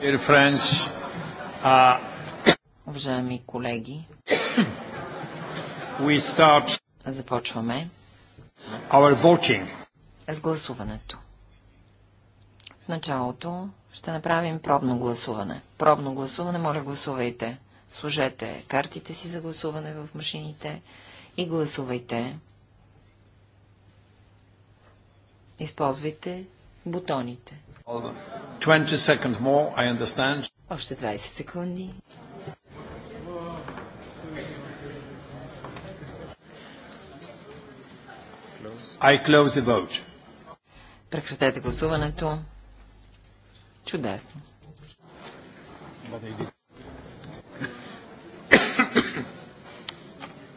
Uh, Уважаеми колеги, започваме с гласуването. В началото ще направим пробно гласуване. Пробно гласуване, моля гласувайте. Служете картите си за гласуване в машините и гласувайте. Използвайте бутоните. 20 seconds more, I understand. Още 20 секунди. I close the vote. Прекратете гласуването. Чудесно.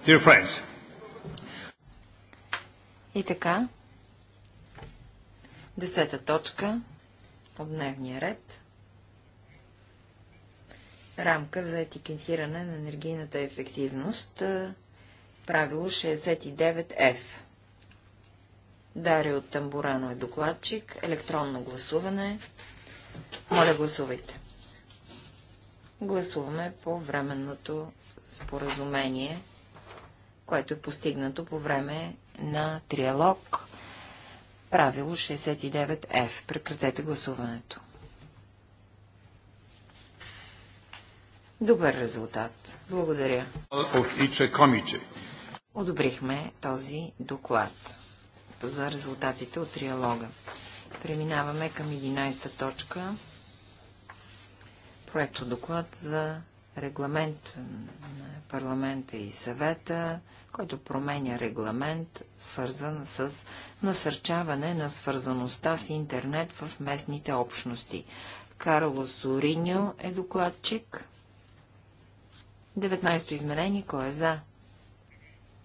Dear friends. И така. Десета точка от дневния ред. Рамка за етикетиране на енергийната ефективност. Правило 69F. Дари от Тамбурано е докладчик. Електронно гласуване. Моля, гласувайте. Гласуваме по временното споразумение, което е постигнато по време на триалог правило 69F. Прекратете гласуването. Добър резултат. Благодаря. Одобрихме този доклад за резултатите от триалога. Преминаваме към 11-та точка. Проекто доклад за регламент на парламента и съвета който променя регламент, свързан с насърчаване на свързаността с интернет в местните общности. Карло Сориньо е докладчик. 19-то изменение. Кой е за?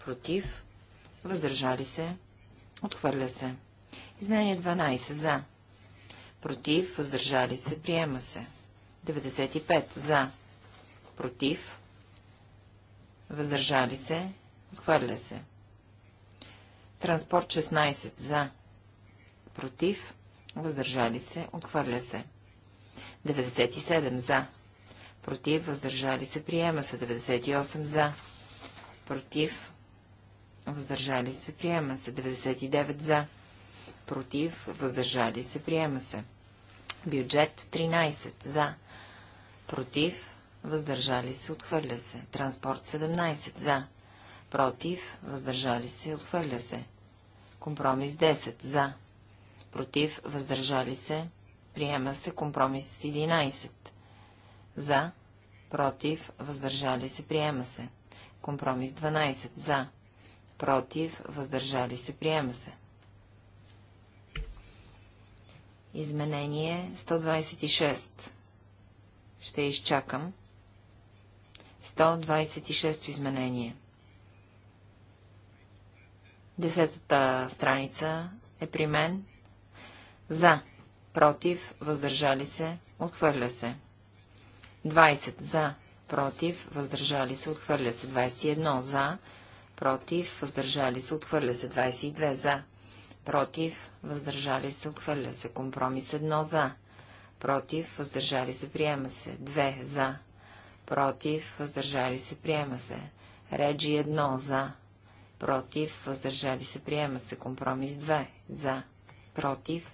Против? Въздържали се? Отхвърля се. Изменение 12. За. Против? Въздържали се? Приема се. 95. За. Против? Въздържали се? Отхвърля се. Транспорт 16 за. Против. Въздържали се. Отхвърля се. 97 за. Против. Въздържали се. Приема се. 98 за. Против. Въздържали се. Приема се. 99 за. Против. Въздържали се. Приема се. Бюджет 13 за. Против. Въздържали се. Отхвърля се. Транспорт 17 за против, въздържали се, отхвърля се. Компромис 10 за, против, въздържали се, приема се. Компромис 11 за, против, въздържали се, приема се. Компромис 12 за, против, въздържали се, приема се. Изменение 126. Ще изчакам. 126 изменение. 126. Десетата страница е при мен. За, против, въздържали се, отхвърля се. 20. За, против, въздържали се, отхвърля се. 21. За, против, въздържали се, отхвърля се. 22. За, против, въздържали се, отхвърля се. Компромис 1. За, против, въздържали се, приема се. 2. За, против, въздържали се, приема се. Реджи 1. За, против, въздържали се, приема се. Компромис 2 за, против,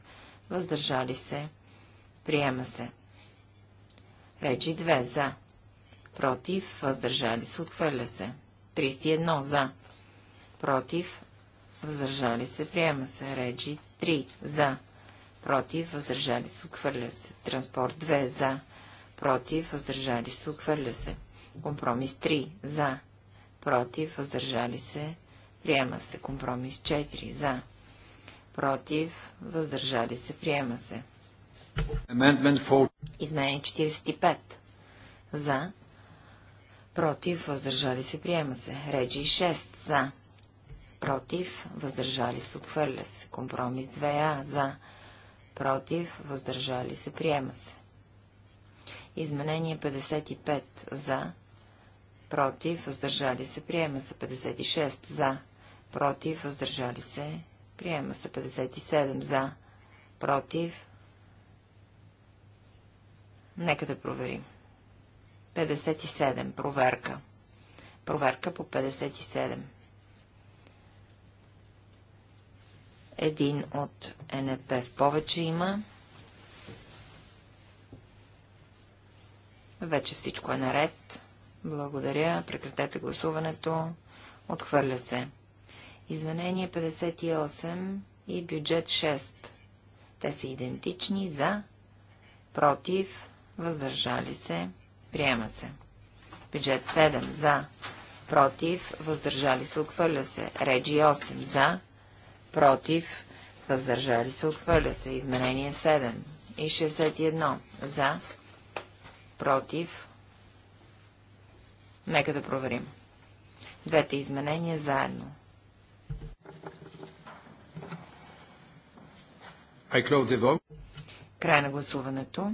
въздържали се, приема се. Речи 2 за, против, въздържали се, отхвърля се. 31 за, против, въздържали се, приема се. Речи 3 за, против, въздържали се, отхвърля се. Транспорт 2 за, против, въздържали се, отхвърля се. Компромис 3 за, против, въздържали се, Приема се. Компромис 4. За. Против. Въздържали се. Приема се. Изменение 45. За. Против. Въздържали се. Приема се. Реджи 6. За. Против. Въздържали се. Отхвърля се. Компромис 2А. За. Против. Въздържали се. Приема се. Изменение 55. За. Против. Въздържали се. Приема се. 56. За против, въздържали се, приема се 57 за, против. Нека да проверим. 57. Проверка. Проверка по 57. Един от НП в повече има. Вече всичко е наред. Благодаря. Прекратете гласуването. Отхвърля се. Изменение 58 и бюджет 6. Те са идентични за, против, въздържали се, приема се. Бюджет 7 за, против, въздържали се, отхвърля се. Реджи 8 за, против, въздържали се, отхвърля се. Изменение 7 и 61 за, против. Нека да проверим. Двете изменения заедно. I close the vote. Край на гласуването.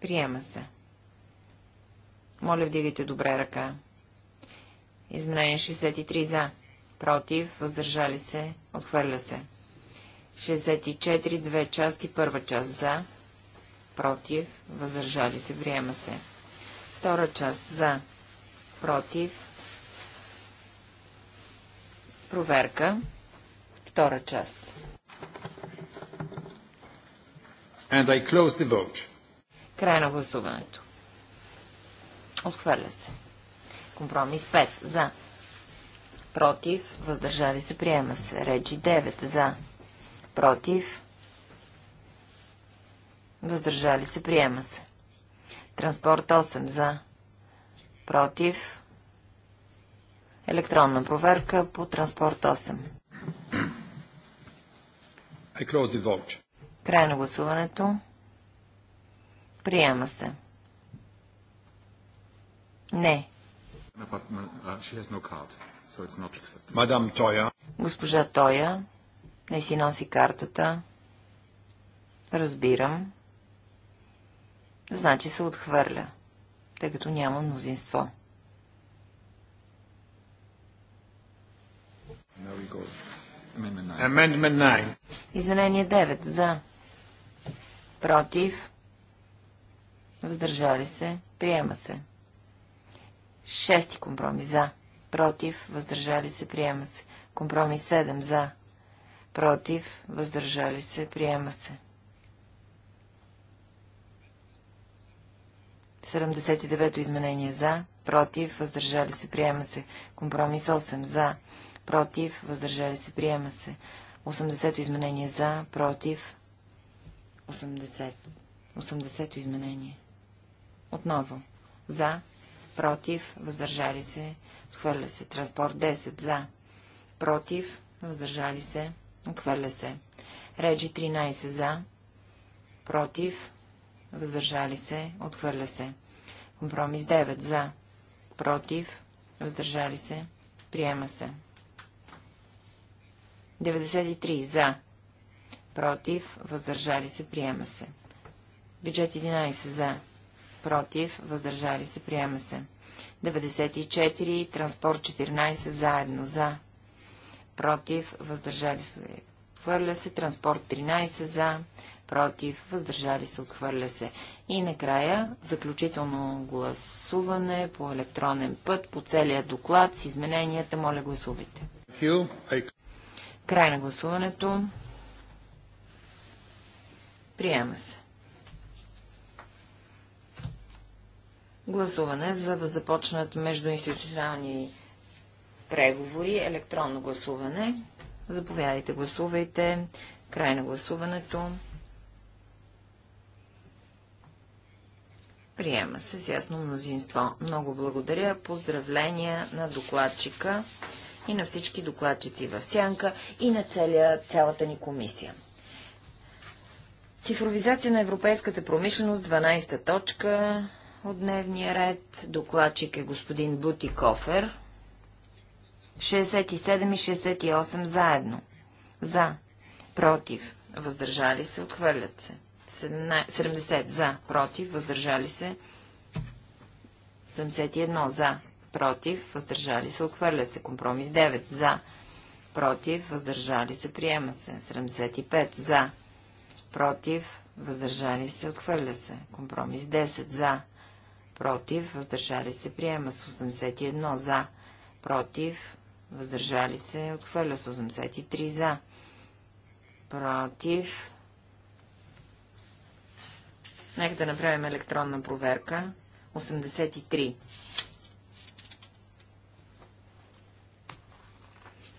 Приема се. Моля, вдигайте добре ръка. Изменение 63 за. Против. Въздържали се. Отхвърля се. 64. Две части. Първа част за. Против. Въздържали се. Приема се. Втора част за. Против. Проверка. Втора част. And I close the vote. Край на гласуването. Отхвърля се. Компромис 5. За. Против. Въздържали се. Приема се. Реджи 9. За. Против. Въздържали се. Приема се. Транспорт 8. За. Против. Електронна проверка по транспорт 8. I close the vote. Край на гласуването. Приема се. Не. Мадам Тоя. Госпожа Тоя не си носи картата. Разбирам. Значи се отхвърля, тъй като няма мнозинство. Amendment 9. 9. За против, въздържали се, приема се. Шести компромис за, против, въздържали се, приема се. Компромис 7 за, против, въздържали се, приема се. 79-то изменение за, против, въздържали се, приема се. Компромис 8 за, против, въздържали се, приема се. 80-то изменение за, против, 80. 80-то изменение. Отново. За, против, въздържали се, отхвърля се. Транспорт 10. За, против, въздържали се, отхвърля се. Реджи 13. За, против, въздържали се, отхвърля се. Компромис 9. За, против, въздържали се, приема се. 93. За, против, въздържали се, приема се. Бюджет 11 за, против, въздържали се, приема се. 94, транспорт 14, заедно за, против, въздържали се, отхвърля се, транспорт 13 за, против, въздържали се, отхвърля се. И накрая, заключително гласуване по електронен път, по целия доклад с измененията, моля гласувайте. Край на гласуването. Приема се. Гласуване, за да започнат междуинституционални преговори, електронно гласуване. Заповядайте, гласувайте. Край на гласуването. Приема се с ясно мнозинство. Много благодаря. Поздравления на докладчика и на всички докладчици в Сянка и на целия, цялата ни комисия. Цифровизация на европейската промишленост, 12-та точка от дневния ред. Докладчик е господин Бути Кофер. 67 и 68 заедно. За. Против. Въздържали се. Отхвърлят се. 70 за. Против. Въздържали се. 71 за. Против. Въздържали се. Отхвърлят се. Компромис 9 за. Против. Въздържали се. Приема се. 75 за против, въздържали се, отхвърля се. Компромис 10 за, против, въздържали се, приема с 81 за, против, въздържали се, отхвърля с 83 за, против. Нека да направим електронна проверка. 83.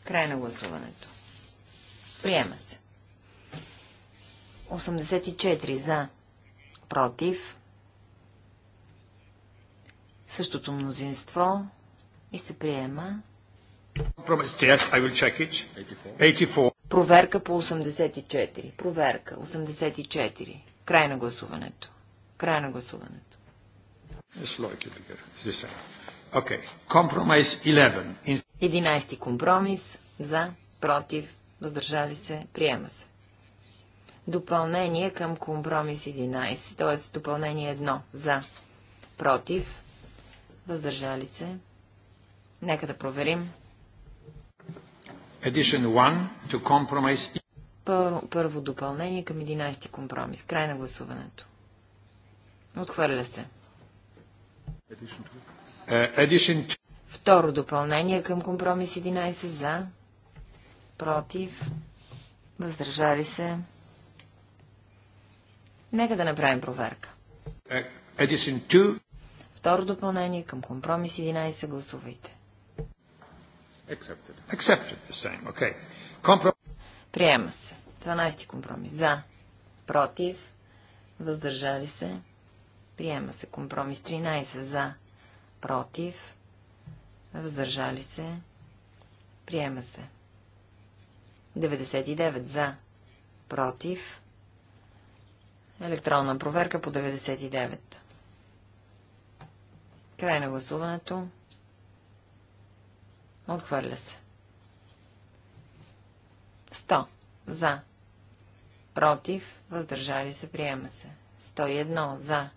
Край на гласуването. Приема се. 84 за, против, същото мнозинство и се приема. Yes, 84. Проверка по 84. Проверка 84. Край на гласуването. Край на гласуването. Okay. 11. 11 компромис за, против, въздържали се, приема се допълнение към компромис 11, т.е. допълнение 1 за, против, въздържали се. Нека да проверим. Edition 1 to compromise. Първо, първо допълнение към 11 ти компромис. Край на гласуването. Отхвърля се. Edition 2. Uh, Второ допълнение към компромис 11 за, против, въздържали се. Нека да направим проверка. Е, Второ допълнение към компромис 11 гласувайте. Accepted. Accepted okay. Приема се. 12 компромис. За. Против. Въздържали се. Приема се. Компромис 13. За. Против. Въздържали се. Приема се. 99. За. Против. Електронна проверка по 99. Край на гласуването. Отхвърля се. 100. За. Против. Въздържали се. Приема се. 101. За.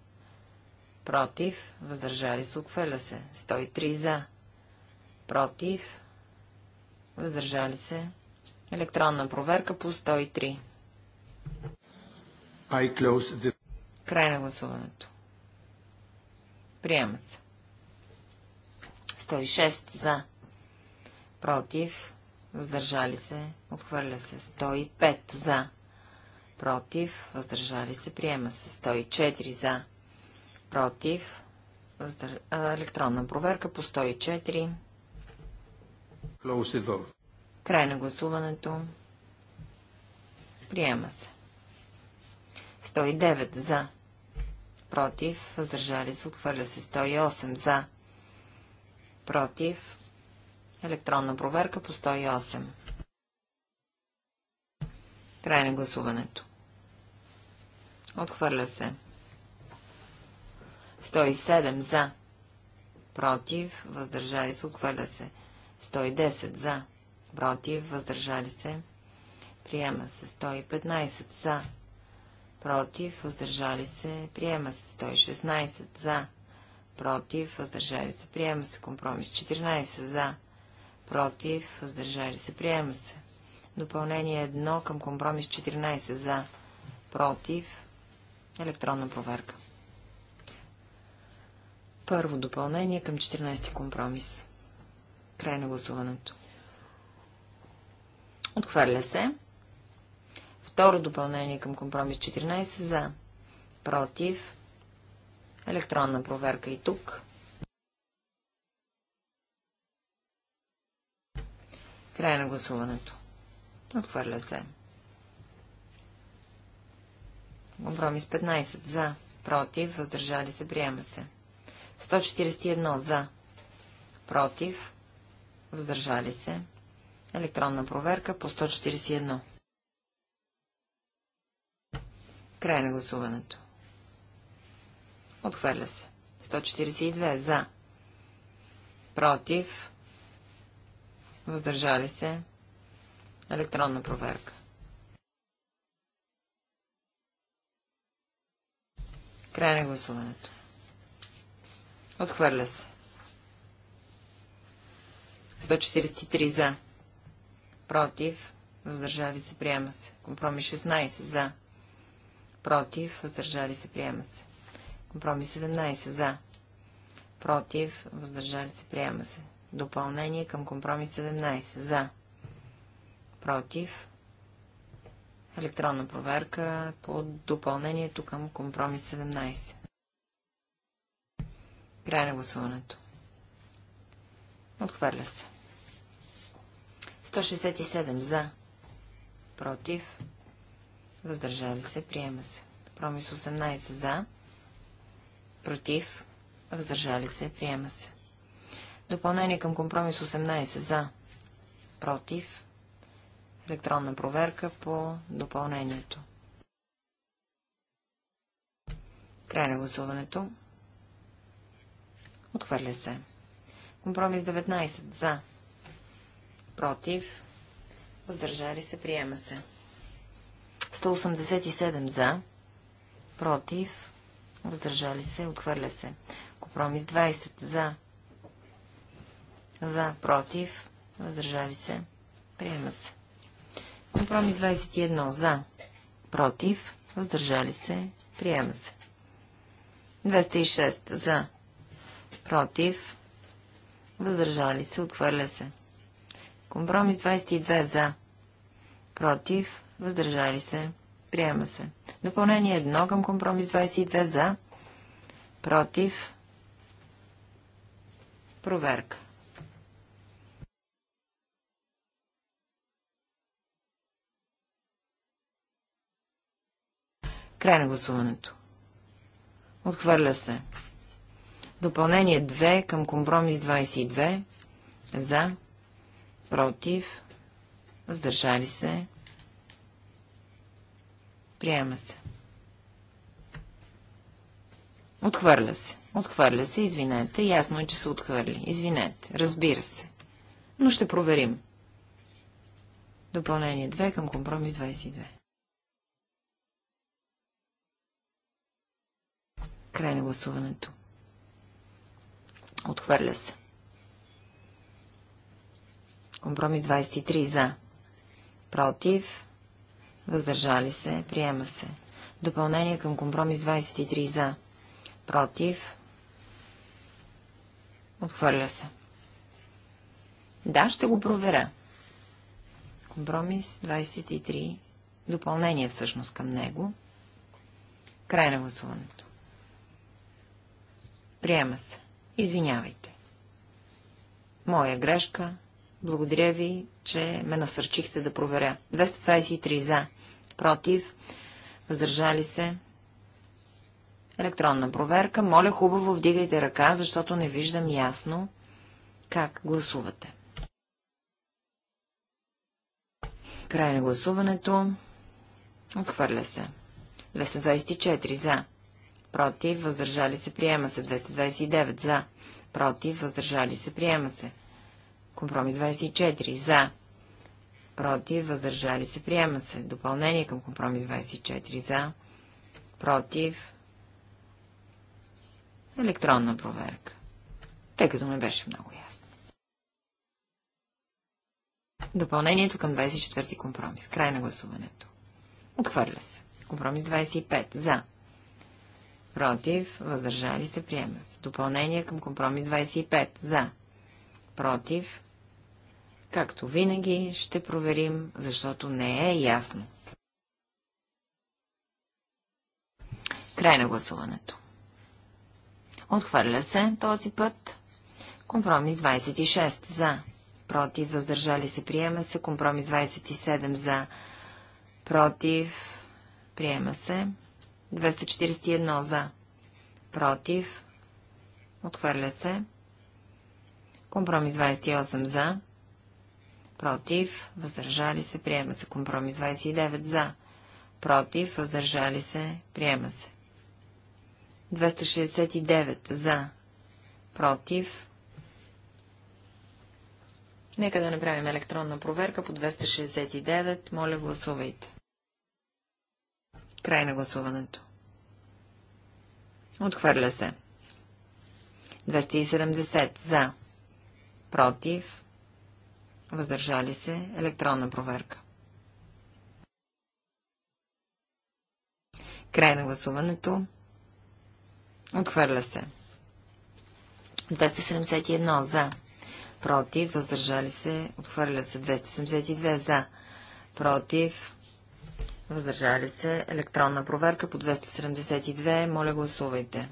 Против. Въздържали се. Отхвърля се. 103. За. Против. Въздържали се. Електронна проверка по 103. The... Край на гласуването. Приема се. 106 за. Против. Въздържали се. Отхвърля се. 105 за. Против. Въздържали се. Приема се. 104 за. Против. Въздър... Електронна проверка по 104. Край на гласуването. Приема се. 109 за. Против. Въздържали се. Отхвърля се. 108 за. Против. Електронна проверка по 108. Край на гласуването. Отхвърля се. 107 за. Против. Въздържали се. Отхвърля се. 110 за. Против. Въздържали се. Приема се. 115 за против, въздържали се, приема се 116 за, против, въздържали се, приема се компромис 14 за, против, въздържали се, приема се. Допълнение 1 към компромис 14 за, против, електронна проверка. Първо допълнение към 14 компромис. Край на гласуването. Отхвърля се. Второ допълнение към компромис 14 за. Против. Електронна проверка и тук. Край на гласуването. Отхвърля се. Компромис 15 за. Против. Въздържали се. Приема се. 141 за. Против. Въздържали се. Електронна проверка по 141. Край на гласуването. Отхвърля се. 142 за. Против. Въздържали се. Електронна проверка. Край на гласуването. Отхвърля се. 143 за. Против. Въздържали се. Приема се. Компромис 16 за против, въздържали се, приема се. Компромис 17 за, против, въздържали се, приема се. Допълнение към компромис 17 за, против, електронна проверка по допълнението към компромис 17. Край на гласуването. Отхвърля се. 167 за, против, въздържали се, приема се. Промис 18 за, против, въздържали се, приема се. Допълнение към компромис 18 за, против, електронна проверка по допълнението. Край на гласуването. Отхвърля се. Компромис 19 за, против, въздържали се, приема се. 187 за, против, въздържали се, отхвърля се. Компромис 20 за, за, против, въздържали се, приема се. Компромис 21 за, против, въздържали се, приема се. 206 за, против, въздържали се, отхвърля се. Компромис 22 за, против, въздържали се, приема се. Допълнение 1 към компромис 22 за, против, проверка. Край на гласуването. Отхвърля се. Допълнение 2 към компромис 22. За. Против. Въздържали се. Приема се. Отхвърля се. Отхвърля се, извинете. Ясно е, че се отхвърли. Извинете. Разбира се. Но ще проверим. Допълнение 2 към компромис 22. Край на гласуването. Отхвърля се. Компромис 23 за. Против. Въздържали се. Приема се. Допълнение към компромис 23 за. Против. Отхвърля се. Да, ще го проверя. Компромис 23. Допълнение всъщност към него. Край на гласуването. Приема се. Извинявайте. Моя грешка. Благодаря ви, че ме насърчихте да проверя. 223 за, против, въздържали се. Електронна проверка. Моля хубаво вдигайте ръка, защото не виждам ясно как гласувате. Край на гласуването. Отхвърля се. 224 за. Против, въздържали се, приема се. 229 за. Против, въздържали се, приема се. Компромис 24. За. Против. Въздържали се. Приема се. Допълнение към компромис 24. За. Против. Електронна проверка. Тъй като не беше много ясно. Допълнението към 24 компромис. Край на гласуването. Отхвърля се. Компромис 25. За. Против. Въздържали се. Приема се. Допълнение към компромис 25. За против, както винаги ще проверим, защото не е ясно. Край на гласуването. Отхвърля се този път. Компромис 26 за. Против, въздържали се, приема се. Компромис 27 за. Против, приема се. 241 за. Против, отхвърля се. Компромис 28 за. Против. Въздържали се. Приема се. Компромис 29 за. Против. Въздържали се. Приема се. 269 за. Против. Нека да направим електронна проверка по 269. Моля, гласувайте. Край на гласуването. Отхвърля се. 270 за против, въздържали се, електронна проверка. Край на гласуването. Отхвърля се. 271 за. Против. Въздържали се. Отхвърля се. 272 за. Против. Въздържали се. Електронна проверка по 272. Моля гласувайте.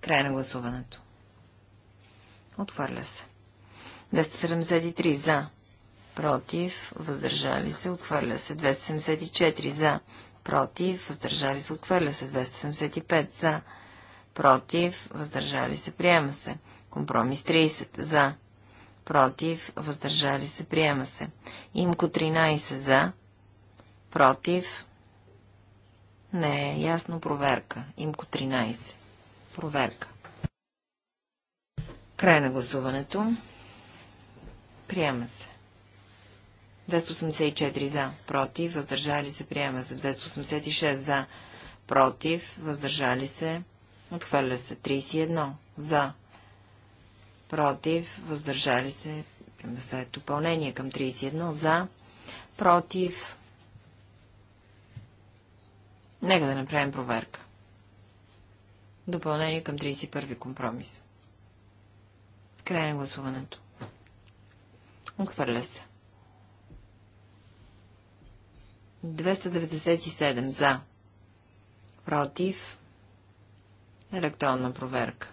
Край на гласуването. Отхвърля се. 273 за. Против. Въздържали се. Отхвърля се. 274 за. Против. Въздържали се. Отхвърля се. 275 за. Против. Въздържали се. Приема се. Компромис 30 за. Против. Въздържали се. Приема се. Имко 13 за. Против. Не е ясно проверка. Имко 13. Проверка. Край на гласуването. Приема се. 284 за, против, въздържали се, приема се. 286 за, против, въздържали се, отхвърля се. 31 за, против, въздържали се, приема се. Допълнение към 31 за, против. Нека да направим проверка. Допълнение към 31 компромис. Край на гласуването. Отхвърля се. 297 за. Против. Електронна проверка.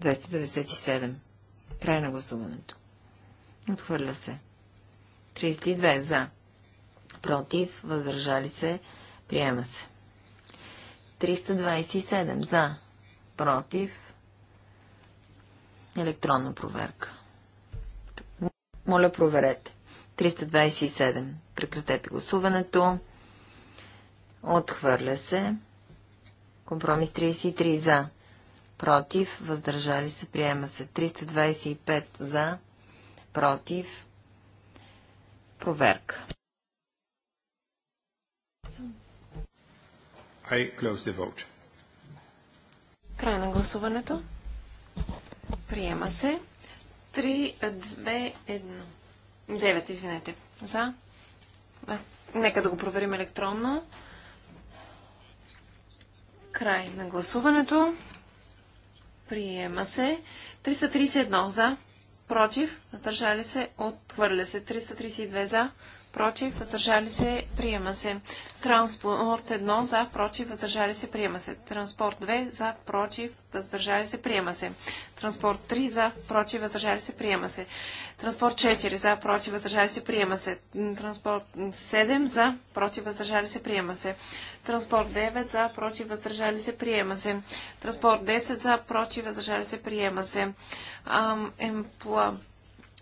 297. Край на гласуването. Отхвърля се. 32 за. Против. Въздържали се. Приема се. 327 за против, електронна проверка. Моля, проверете. 327. Прекратете гласуването. Отхвърля се. Компромис 33 за. Против. Въздържали се. Приема се. 325 за. Против. Проверка. I close the vote. Край на гласуването. Приема се. 3, 2, 1. 9, извинете. За. Да. Нека да го проверим електронно. Край на гласуването. Приема се. 331 за. Против. задържали се. Отхвърля се. 332 за против, въздържали се, приема се. Транспорт 1 за, против, въздържали се, приема се. Транспорт 2 за, против, въздържали се, приема се. Транспорт 3 за, против, въздържали се, приема се. Транспорт 4 за, против, въздържали се, приема се. Транспорт 7 за, против, въздържали се, приема се. Транспорт 9 за, против, въздържали се, приема се. Транспорт 10 за, против, въздържали се, приема се.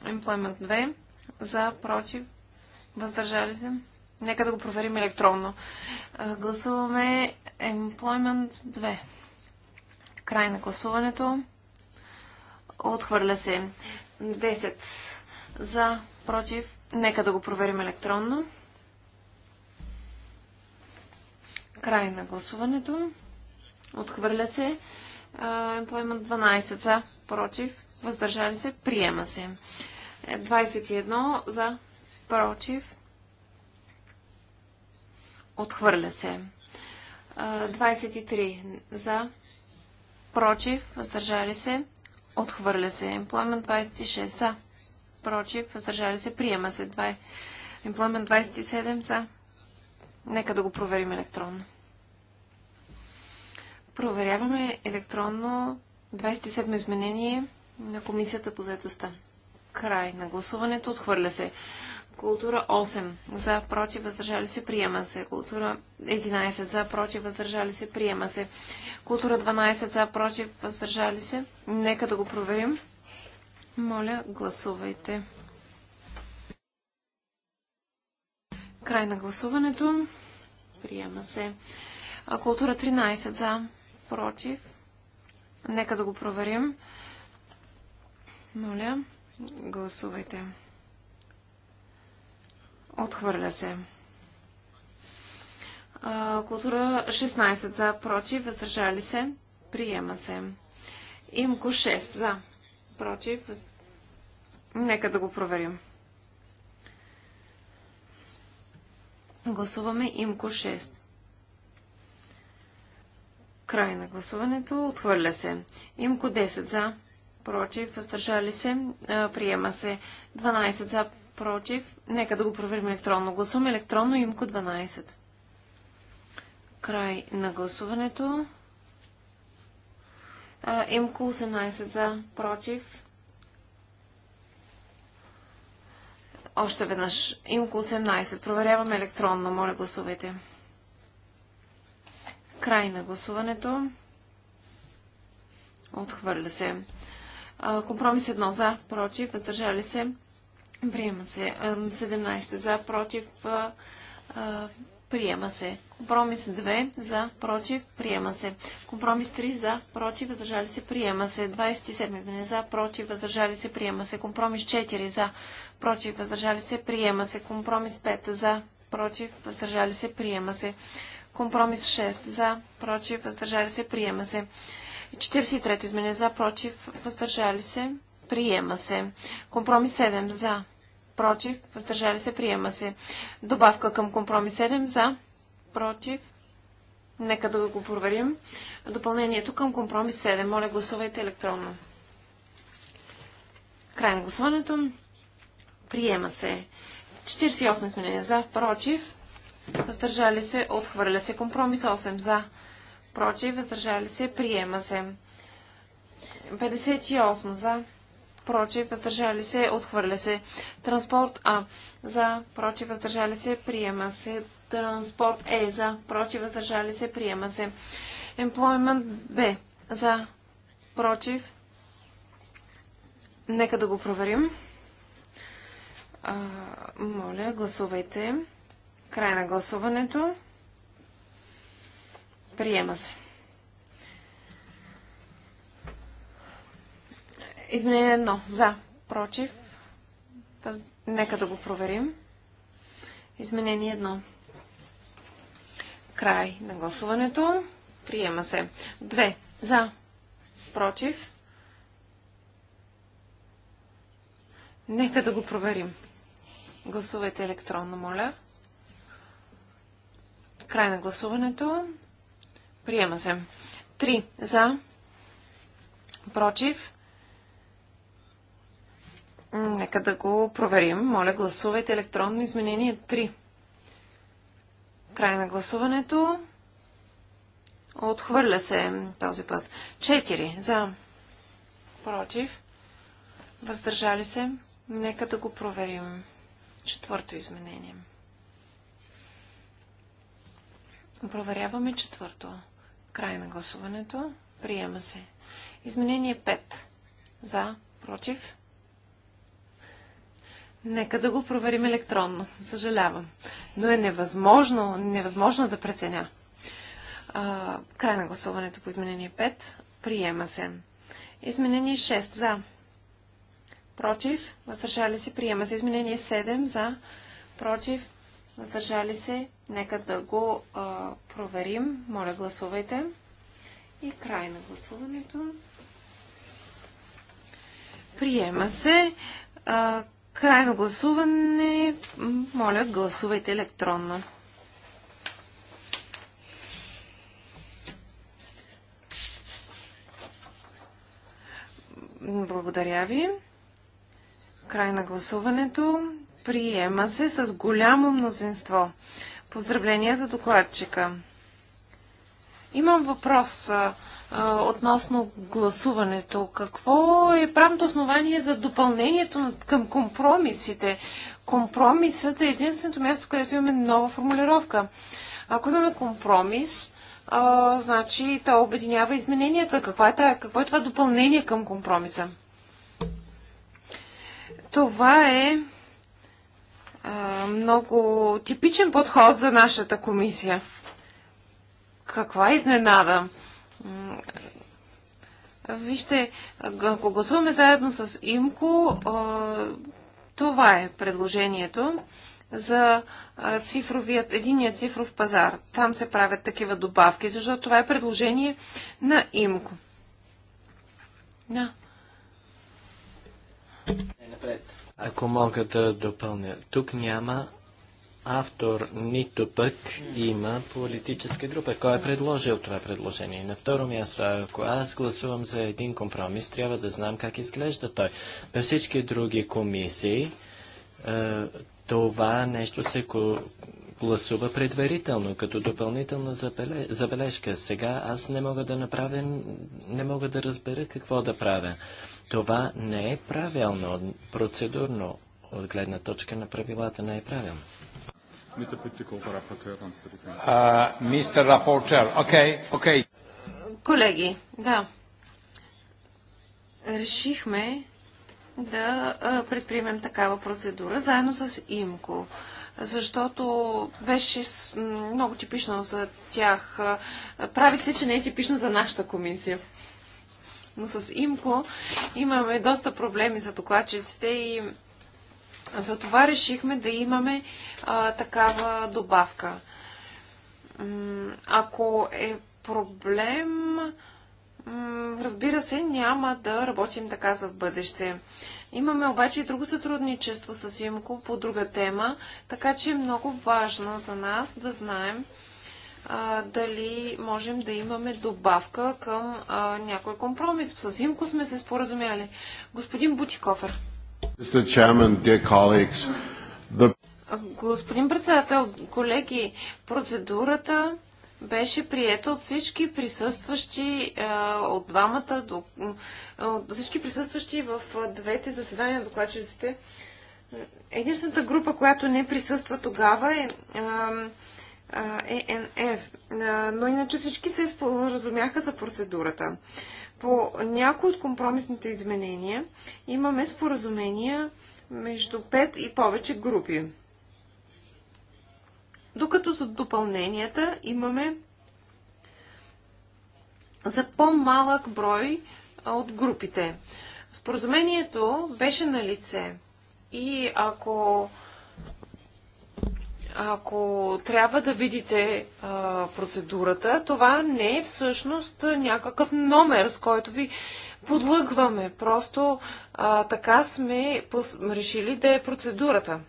Employment 2 за, против, Въздържали се? Нека да го проверим електронно. Гласуваме Employment 2. Край на гласуването. Отхвърля се. 10 за, против. Нека да го проверим електронно. Край на гласуването. Отхвърля се. Employment 12 за, против. Въздържали се. Приема се. 21 за, Против. Отхвърля се. 23 за. Против. Въздържали се. Отхвърля се. Employment 26 за. Против. Въздържали се. Приема се. 2. Employment 27 за. Нека да го проверим електронно. Проверяваме електронно 27 изменение на Комисията по заедостта. Край на гласуването. Отхвърля се. Култура 8. За, против, въздържали се, приема се. Култура 11. За, против, въздържали се, приема се. Култура 12. За, против, въздържали се. Нека да го проверим. Моля, гласувайте. Край на гласуването. Приема се. Култура 13. За, против. Нека да го проверим. Моля, гласувайте. Отхвърля се. Култура 16 за, против, въздържали се, приема се. Имко 6 за, против, въз... нека да го проверим. Гласуваме имко 6. Край на гласуването, отхвърля се. Имко 10 за, против, въздържали се, приема се. 12 за, против. Нека да го проверим електронно. Гласуваме електронно имко 12. Край на гласуването. А, имко 18 за, против. Още веднъж. Имко 18. Проверяваме електронно. Моля, гласувайте. Край на гласуването. Отхвърля се. Компромис 1 за, против, въздържали се. Приема се. 17 за, против, приема се. Компромис 2 за, против, приема се. Компромис 3 за, против, въздържали се, приема се. 27 за, против, въздържали се, приема се. Компромис 4 за, против, въздържали се, приема се. Компромис 5 за, против, въздържали се, приема се. Компромис 6 за, против, въздържали се, приема се. 43 изменение за, против, въздържали се, приема се. Компромис 7 за, против, въздържали се, приема се. Добавка към компромис 7 за, против. Нека да го проверим. Допълнението към компромис 7. Моля, гласувайте електронно. Край на гласуването. Приема се. 48 изменения за, против. Въздържали се, отхвърля се. Компромис 8 за, против. Въздържали се, приема се. 58 за, против, въздържали се, отхвърля се. Транспорт А, за, против, въздържали се, приема се. Транспорт Е, за, против, въздържали се, приема се. Employment Б, за, против. Нека да го проверим. А, моля, гласувайте. Край на гласуването. Приема се. Изменение едно, За. Против. Нека да го проверим. Изменение 1. Край на гласуването. Приема се. 2. За. Против. Нека да го проверим. Гласувайте електронно, моля. Край на гласуването. Приема се. Три За. Против. Нека да го проверим. Моля, гласувайте електронно изменение 3. Край на гласуването. Отхвърля се този път. 4. За. Против. Въздържали се. Нека да го проверим. Четвърто изменение. Проверяваме четвърто. Край на гласуването. Приема се. Изменение 5. За. Против. Нека да го проверим електронно. Съжалявам. Но е невъзможно, невъзможно да преценя. А, край на гласуването по изменение 5. Приема се. Изменение 6. За. Против. Въздържали се. Приема се. Изменение 7. За. Против. Въздържали се. Нека да го а, проверим. Моля, гласувайте. И край на гласуването. Приема се. А, Крайно гласуване. Моля, гласувайте електронно. Благодаря ви. Край на гласуването. Приема се с голямо мнозинство. Поздравления за докладчика. Имам въпрос относно гласуването. Какво е правното основание за допълнението към компромисите? Компромисът е единственото място, където имаме нова формулировка. Ако имаме компромис, а, значи то обединява измененията. е какво е това допълнение към компромиса? Това е а, много типичен подход за нашата комисия. Каква изненада! Вижте, ако гласуваме заедно с ИМКО, това е предложението за цифровият, единия цифров пазар. Там се правят такива добавки, защото това е предложение на ИМКО. Да. Ако мога да допълня, тук няма автор, нито пък има политическа група. Кой е предложил това предложение? И на второ място, ако аз гласувам за един компромис, трябва да знам как изглежда той. На всички други комисии е, това нещо се гласува предварително, като допълнителна забележка. Сега аз не мога да направя, не мога да разбера какво да правя. Това не е правилно, процедурно от гледна точка на правилата не е правилно. Mr. Bütikofer, rapporteur, wants to become. Uh, Mr. Rapporteur, okay, okay. Колеги, да. Решихме да предприемем такава процедура заедно с ИМКО, защото беше много типично за тях. Прави се, че не е типично за нашата комисия. Но с ИМКО имаме доста проблеми за докладчиците и затова решихме да имаме а, такава добавка. Ако е проблем, разбира се, няма да работим така за в бъдеще. Имаме обаче и друго сътрудничество с Имко по друга тема, така че е много важно за нас да знаем а, дали можем да имаме добавка към а, някой компромис. С Имко сме се споразумяли. Господин Бутикофер. Господин председател, колеги, процедурата беше приета от всички присъстващи е, от двамата, от всички присъстващи в е, двете заседания на докладчиците. Единствената група, която не присъства тогава е ЕНФ, е, но иначе всички се споразумяха за процедурата по някои от компромисните изменения имаме споразумения между 5 и повече групи. Докато за допълненията имаме за по-малък брой от групите. Споразумението беше на лице и ако ако трябва да видите а, процедурата, това не е всъщност някакъв номер, с който ви подлъгваме. Просто а, така сме решили да е процедурата.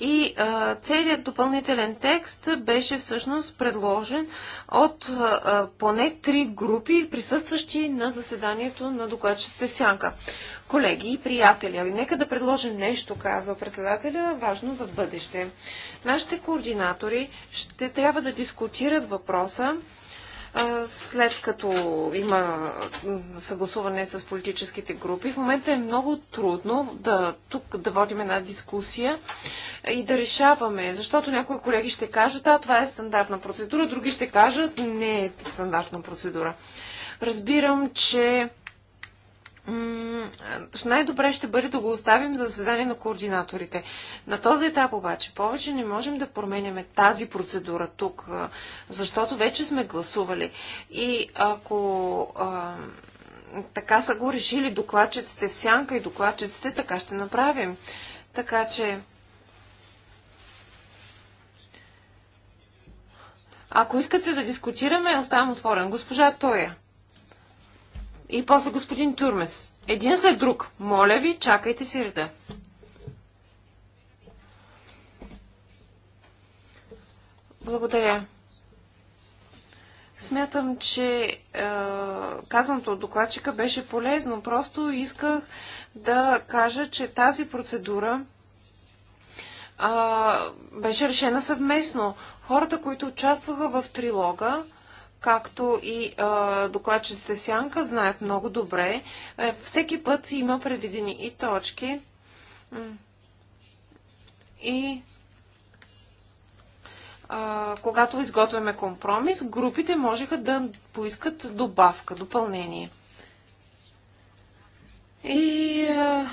И а, целият допълнителен текст беше всъщност предложен от а, поне три групи, присъстващи на заседанието на докладчите Сянка колеги и приятели. Ами нека да предложим нещо, казва председателя, важно за бъдеще. Нашите координатори ще трябва да дискутират въпроса след като има съгласуване с политическите групи. В момента е много трудно да, тук да водим една дискусия и да решаваме, защото някои колеги ще кажат, а това е стандартна процедура, други ще кажат, не е стандартна процедура. Разбирам, че най-добре ще бъде да го оставим за заседание на координаторите. На този етап обаче повече не можем да променяме тази процедура тук, защото вече сме гласували. И ако а, така са го решили докладчиците в сянка и докладчиците, така ще направим. Така че Ако искате да дискутираме, оставам отворен. Госпожа Тоя и после господин Турмес. Един след друг. Моля ви, чакайте си реда. Благодаря. Смятам, че е, казаното от докладчика беше полезно. Просто исках да кажа, че тази процедура е, беше решена съвместно. Хората, които участваха в трилога, е, както и а, докладчиците Сянка знаят много добре. Е, всеки път има предвидени и точки. И а, когато изготвяме компромис, групите можеха да поискат добавка, допълнение. И а,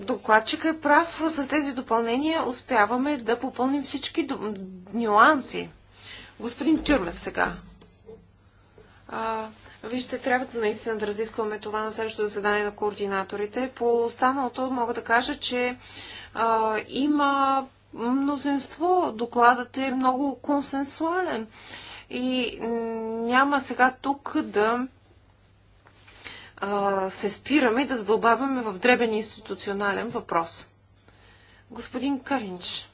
докладчика е прав, с тези допълнения успяваме да попълним всички нюанси Господин Тюрмес сега. А, вижте, трябва да наистина да разискваме това на следващото заседание на координаторите. По останалото мога да кажа, че а, има мнозинство. Докладът е много консенсуален. И няма сега тук да а, се спираме и да задълбаваме в дребен институционален въпрос. Господин Каринч.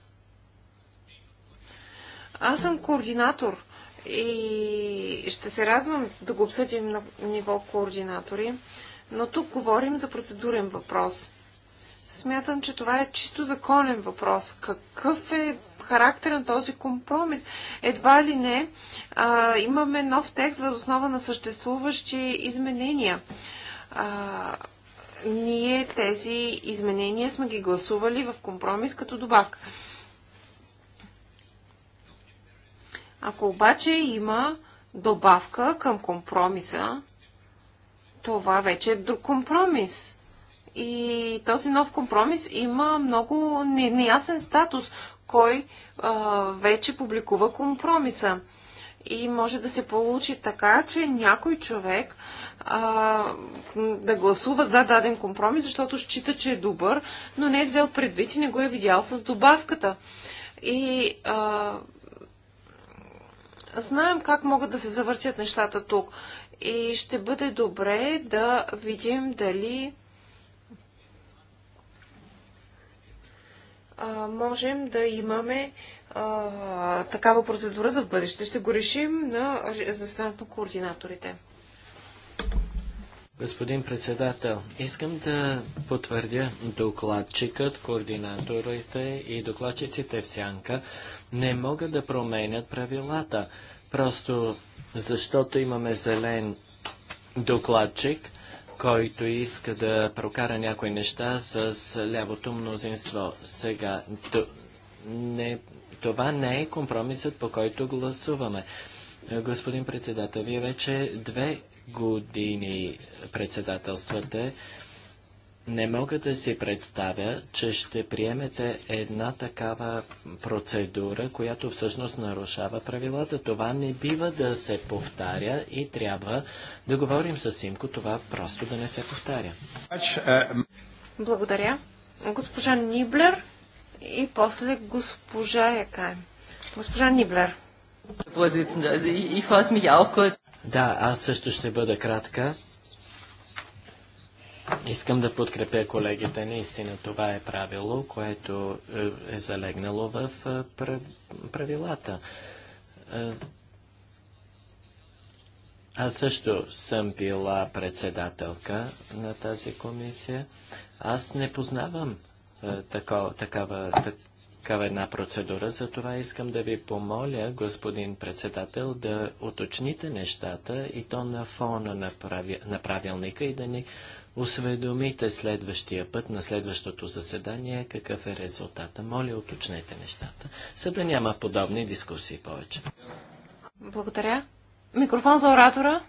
Аз съм координатор и ще се радвам да го обсъдим на ниво координатори, но тук говорим за процедурен въпрос. Смятам, че това е чисто законен въпрос. Какъв е характер на този компромис? Едва ли не а, имаме нов текст въз основа на съществуващи изменения. А, ние тези изменения сме ги гласували в компромис като добавка. Ако обаче има добавка към компромиса, това вече е друг компромис. И този нов компромис има много неясен статус, кой а, вече публикува компромиса. И може да се получи така, че някой човек а, да гласува за даден компромис, защото счита, че е добър, но не е взел предвид и не го е видял с добавката. И а, знаем как могат да се завъртят нещата тук. И ще бъде добре да видим дали можем да имаме а, такава процедура за в бъдеще. Ще го решим на заседанието на координаторите. Господин председател, искам да потвърдя докладчикът, координаторите и докладчиците в сянка не могат да променят правилата. Просто защото имаме зелен докладчик, който иска да прокара някои неща с лявото мнозинство. Сега, не, това не е компромисът, по който гласуваме. Господин председател, вие вече две години председателствате, не мога да си представя, че ще приемете една такава процедура, която всъщност нарушава правилата. Това не бива да се повтаря и трябва да говорим с Симко това просто да не се повтаря. Благодаря. Госпожа Ниблер и после госпожа Якаем. Госпожа Ниблер. Да, аз също ще бъда кратка. Искам да подкрепя колегите. Наистина това е правило, което е, е залегнало в е, правилата. Е, аз също съм била председателка на тази комисия. Аз не познавам такова, такава, так, такава една процедура. Затова искам да ви помоля, господин председател, да уточните нещата и то на фона на, прави... на правилника и да ни осведомите следващия път, на следващото заседание, какъв е резултата. Моля, уточнете нещата, за да няма подобни дискусии повече. Благодаря. Микрофон за оратора.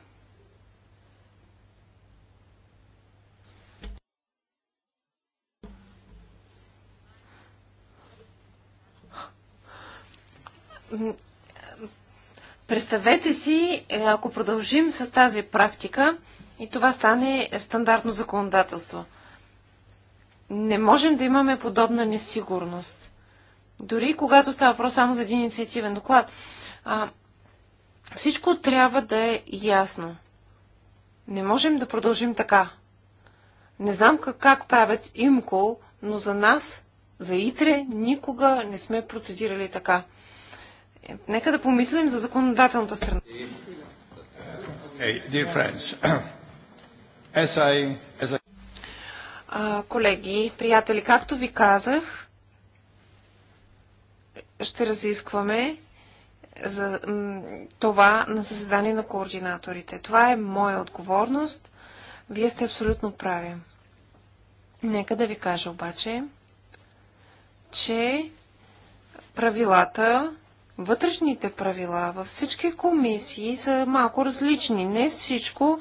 Представете си, е, ако продължим с тази практика и това стане стандартно законодателство. Не можем да имаме подобна несигурност. Дори когато става въпрос само за един инициативен доклад, а, всичко трябва да е ясно. Не можем да продължим така. Не знам как, как правят имко, но за нас, за итре, никога не сме процедирали така. Нека да помислим за законодателната страна. колеги, приятели, както ви казах, ще разискваме за това на заседание на координаторите. Това е моя отговорност. Вие сте абсолютно прави. Нека да ви кажа обаче, че правилата вътрешните правила във всички комисии са малко различни. Не всичко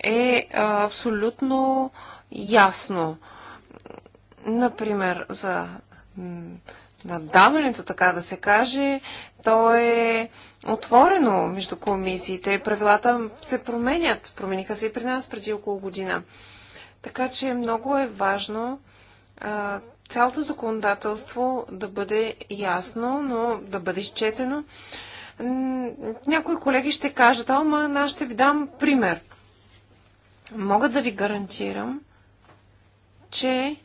е а, абсолютно ясно. Например, за надаването така да се каже, то е отворено между комисиите. Правилата се променят. Промениха се и при нас преди около година. Така че много е важно а, цялото законодателство да бъде ясно, но да бъде изчетено. Някои колеги ще кажат, ама аз ще ви дам пример. Мога да ви гарантирам, че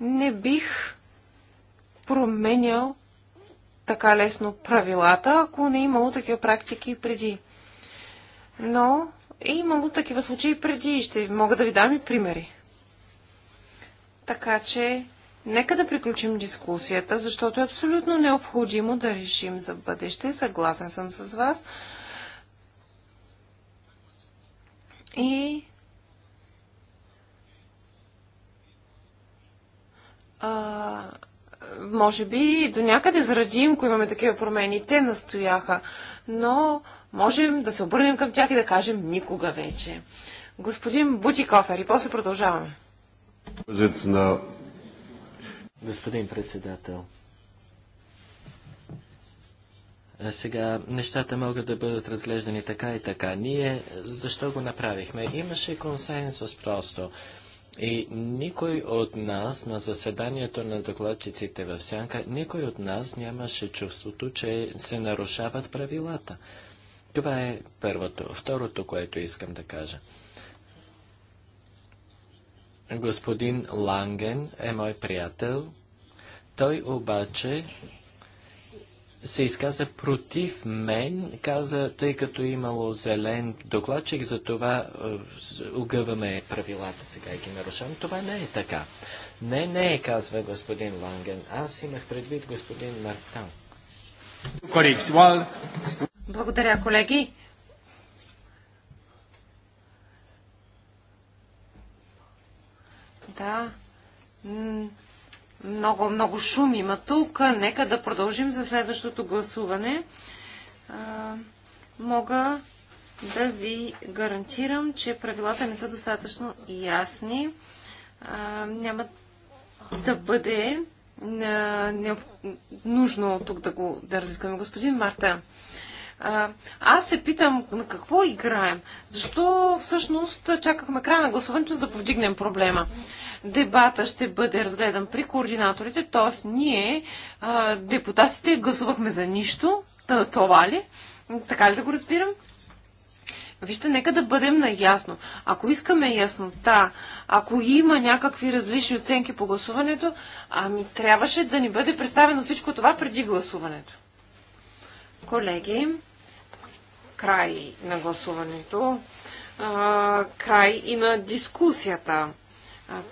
не бих променял така лесно правилата, ако не е имало такива практики преди. Но е имало такива случаи преди и ще мога да ви дам и примери. Така че, нека да приключим дискусията, защото е абсолютно необходимо да решим за бъдеще. Съгласен съм с вас. И а, може би до някъде заради им, ако имаме такива промени, те настояха. Но можем да се обърнем към тях и да кажем никога вече. Господин Бутикофер, и после продължаваме. Господин председател, сега нещата могат да бъдат разглеждани така и така. Ние защо го направихме? Имаше консенсус просто. И никой от нас на заседанието на докладчиците в Сянка, никой от нас нямаше чувството, че се нарушават правилата. Това е първото. Второто, което искам да кажа. Господин Ланген е мой приятел. Той обаче се изказа против мен, каза, тъй като имало зелен докладчик, за това угъваме е, правилата сега и ги нарушавам. Това не е така. Не, не е, казва господин Ланген. Аз имах предвид господин Мартан. Благодаря, колеги. Да. Много, много шум има тук. Нека да продължим за следващото гласуване. мога да ви гарантирам, че правилата не са достатъчно ясни. няма да бъде нужно тук да го да разискаме. Господин Марта, аз се питам на какво играем. Защо всъщност чакахме края на гласуването, за да повдигнем проблема? Дебата ще бъде разгледан при координаторите, т.е. ние, депутатите, гласувахме за нищо. Това ли? Така ли да го разбирам? Вижте, нека да бъдем наясно. Ако искаме яснота, ако има някакви различни оценки по гласуването, ами трябваше да ни бъде представено всичко това преди гласуването. Колеги, край на гласуването, край и на дискусията.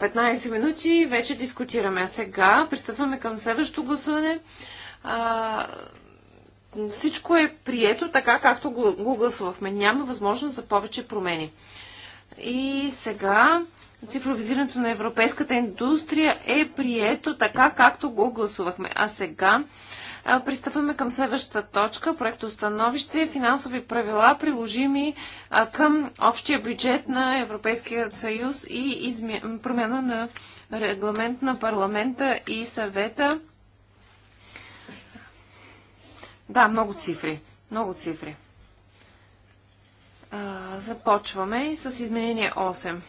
15 минути вече дискутираме. А сега пристъпваме към следващото гласуване. Всичко е прието така, както го гласувахме. Няма възможност за повече промени. И сега цифровизирането на европейската индустрия е прието така, както го гласувахме. А сега Пристъпваме към следващата точка. Проект установище. Финансови правила, приложими към общия бюджет на Европейския съюз и промяна на регламент на парламента и съвета. Да, много цифри. Много цифри. започваме с изменение 8.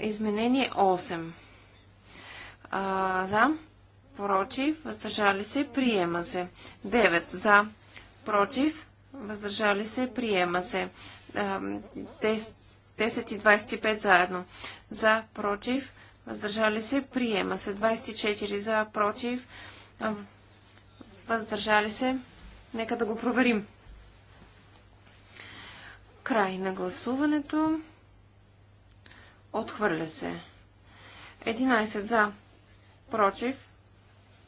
Изменение 8. А, за против, въздържали се, приема се. 9 за, против, въздържали се, приема се. 10, и 25 заедно. За, против, въздържали се, приема се. 24 за, против, въздържали се. Нека да го проверим. Край на гласуването. Отхвърля се. 11 за, против,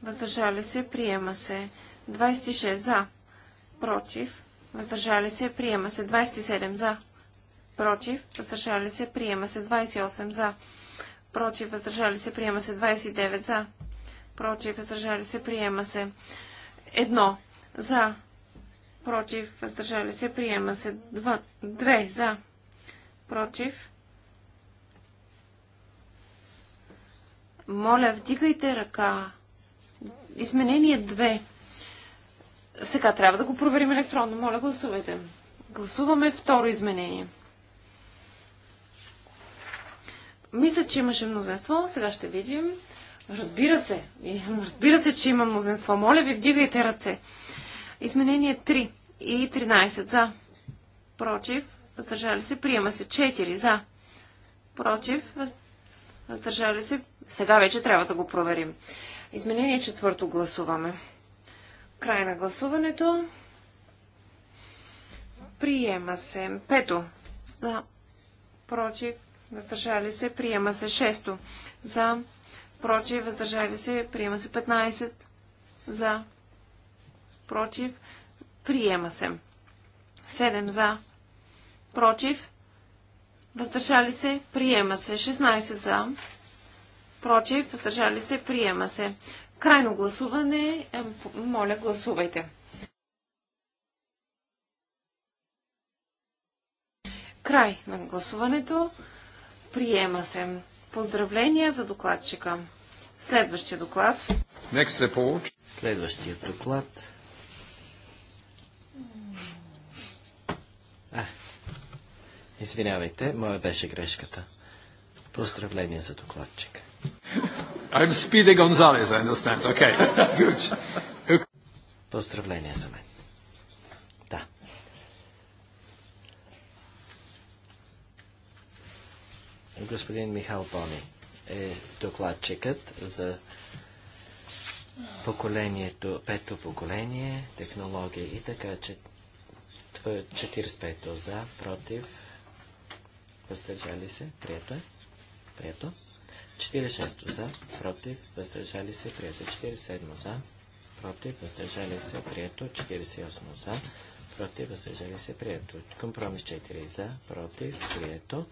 въздържали се, приема се. 26 за, против, въздържали се, приема се. 27 за, против, въздържали се, приема се. 28 за, против, въздържали се, приема се. 29 за, против, въздържали се, приема се. 1 за, против, въздържали се, приема се. 2 за, против, Моля, вдигайте ръка. Изменение 2. Сега трябва да го проверим електронно. Моля, гласувайте. Гласуваме второ изменение. Мисля, че имаше мнозинство. Сега ще видим. Разбира се. Разбира се, че има мнозинство. Моля ви, вдигайте ръце. Изменение 3 и 13 за. Против. Въздържали се. Приема се 4 за. Против. Въздържали се. Сега вече трябва да го проверим. Изменение четвърто гласуваме. Край на гласуването. Приема се. Пето. За. Против. Въздържали се. Приема се. Шесто. За. Против. Въздържали се. Приема се. 15. За. Против. Приема се. 7 за. Против. Въздържали се. Приема се. 16 за против, въздържали се, приема се. Крайно гласуване, е, моля гласувайте. Край на гласуването. Приема се. Поздравления за докладчика. Следващия доклад. Next report. Следващия доклад. А, извинявайте, моя беше грешката. Поздравление за докладчика. I'm Speedy Gonzalez, I understand. Okay, good. Поздравления за мен. Да. Господин Михал Бони е докладчикът за поколението, пето поколение, технология и така, че 45 за, против, въздържали се, прието е, прието. 46 за, против, въздържали се, прието. 47 за, против, въздържали се, прието. 48 за, против, въздържали се, прието. Компромис 4 за, против, прието.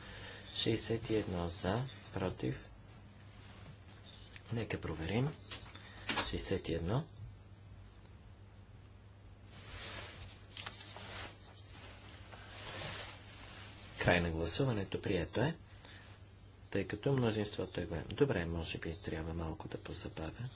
61 за, против. Нека проверим. 61. Край на гласуването прието е тъй като мнозинството е голямо. Добре, може би трябва малко да позабавя.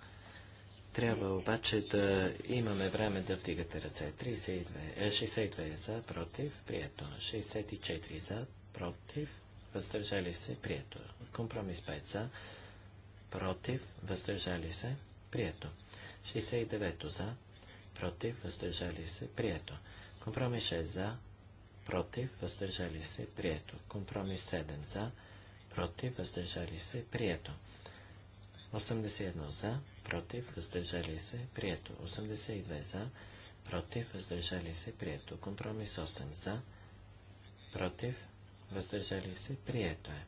Трябва обаче да имаме време да вдигате ръце. 32, 62 е, за, против, прието. 64 за, против, въздържали се, прието. Компромис 5 за, против, въздържали се, прието. 69 за, против, въздържали се, прието. Компромис 6 за, против, въздържали се, прието. Компромис 7 за, против, въздържали се, прието. 81 за, против, въздържали се, прието. 82 за, против, въздържали се, прието. Компромис 8 за, против, въздържали се, прието е.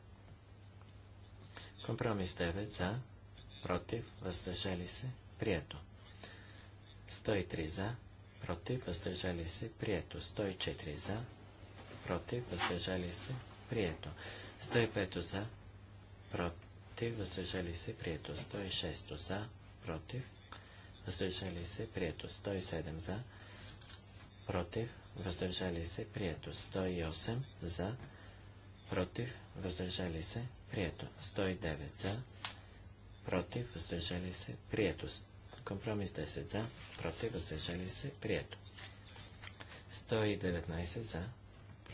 Компромис 9 за, против, въздържали се, прието. 103 за, против, въздържали се, прието. 104 за, против, въздържали се, прието. 105 за, против, въздържали се, прието. 106 за, против, въздържали се, прието. 107 за, против, въздържали се, прието. 108 за, против, въздържали се, прието. 109 за, против, въздържали се, прието. Компромис 10 за, против, въздържали се, прието. 119 за,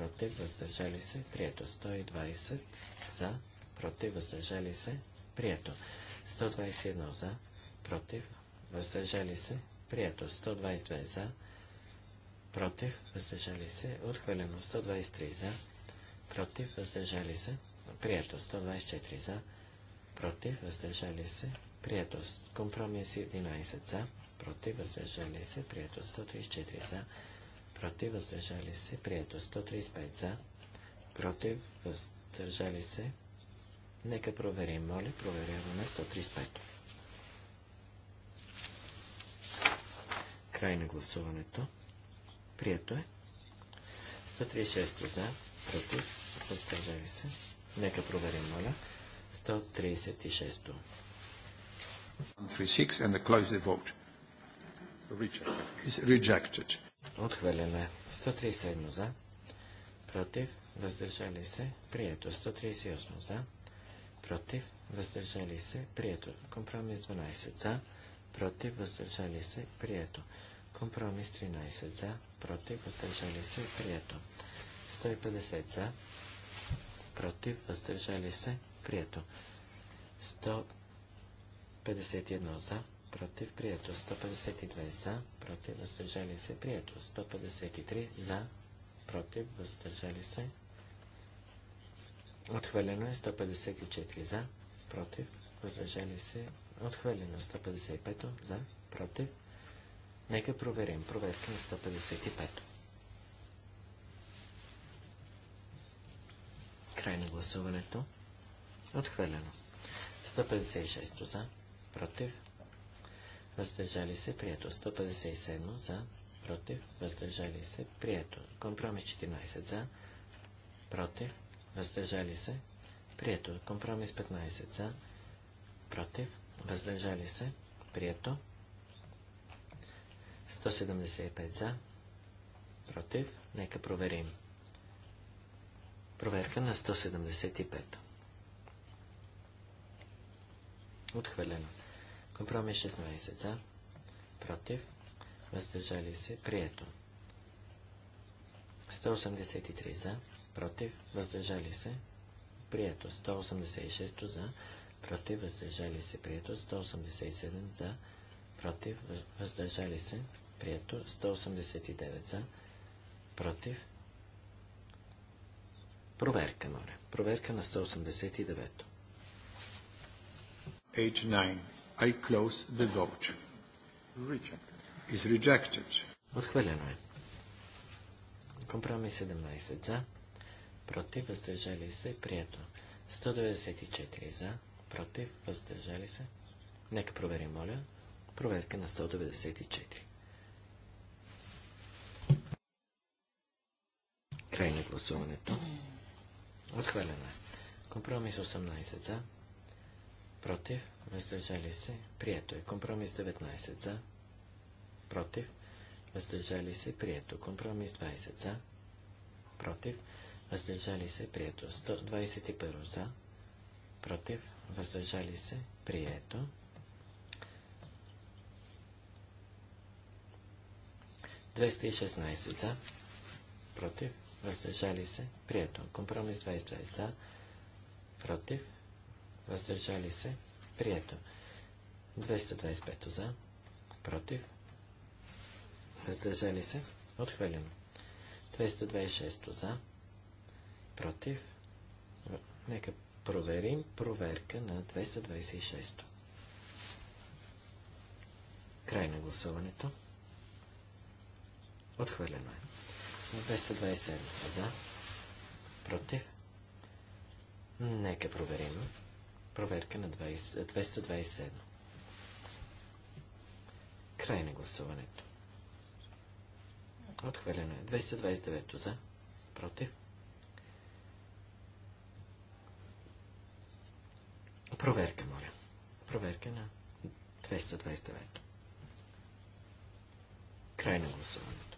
против, въздържали се, прието. 120 за, против, въздържали се, прието. 121 за, против, въздържали се, прието. 122 за, против, въздържали се, отхвърлено. 123 за, против, въздържали се, прието. 124 за, против, въздържали се, прието. Компромис 11 за, против, въздържали се, прието. 134 за, против, въздържали се, прието 135 за, против, въздържали се. Нека проверим, моля, проверяваме 135. Край на гласуването. Прието е. 136 за, против, въздържали се. Нека проверим, моля. 136. 136 and the close the vote. Rejected. Is rejected. Отхвърляме. 137 за. Против. Въздържали се. Прието. 138 за. Против. Въздържали се. Прието. Компромис 12 за. Против. Въздържали се. Прието. Компромис 13 за. Против. Въздържали се. Прието. 150 за. Против. Въздържали се. Прието. 151 за против, прието. 152 за, против, въздържали се, прието. 153 за, против, въздържали се. Отхвърлено е 154 за, против, въздържали се, отхвърлено 155 за, против. Нека проверим. Проверка на 155. Край на гласуването. Отхвърлено. 156 за, против, въздържали се, прието. 157 за, против, въздържали се, прието. Компромис 14 за, против, въздържали се, прието. Компромис 15 за, против, въздържали се, прието. 175 за, против, нека проверим. Проверка на 175. Отхвърлено. Компромис 16 за, против, въздържали се, прието. 183 за, против, въздържали се, прието. 186 за, против, въздържали се, прието. 187 за, против, въздържали се, прието. 189 за, против. Проверка, моля. Проверка на 189. 89. I close the vote. Rejected. Is rejected. Отхвърлено е. Компромис 17 за, против, въздържали се, прието. 194 за, против, въздържали се. Нека проверим, моля. Проверка на 194. Край на гласуването. Отхвърлено е. Компромис 18 за, против, въздържали се, прието е. Компромис 19 за, против, въздържали се, прието. Компромис 20 за, против, въздържали се, прието. 121 за, против, въздържали се, прието. Двести за, против, въздържали се, прието. Компромис 22 за, против, въздържали се, прието. 225 за, против, въздържали се, отхвърлено. 226 за, против, нека проверим проверка на 226. Край на гласуването. Отхвърлено е. 227 за, против. Нека проверим. Проверка на 227. Край на гласуването. Отхвърлено е. 229 за. Против. Проверка, моля. Проверка на 229. Край на гласуването.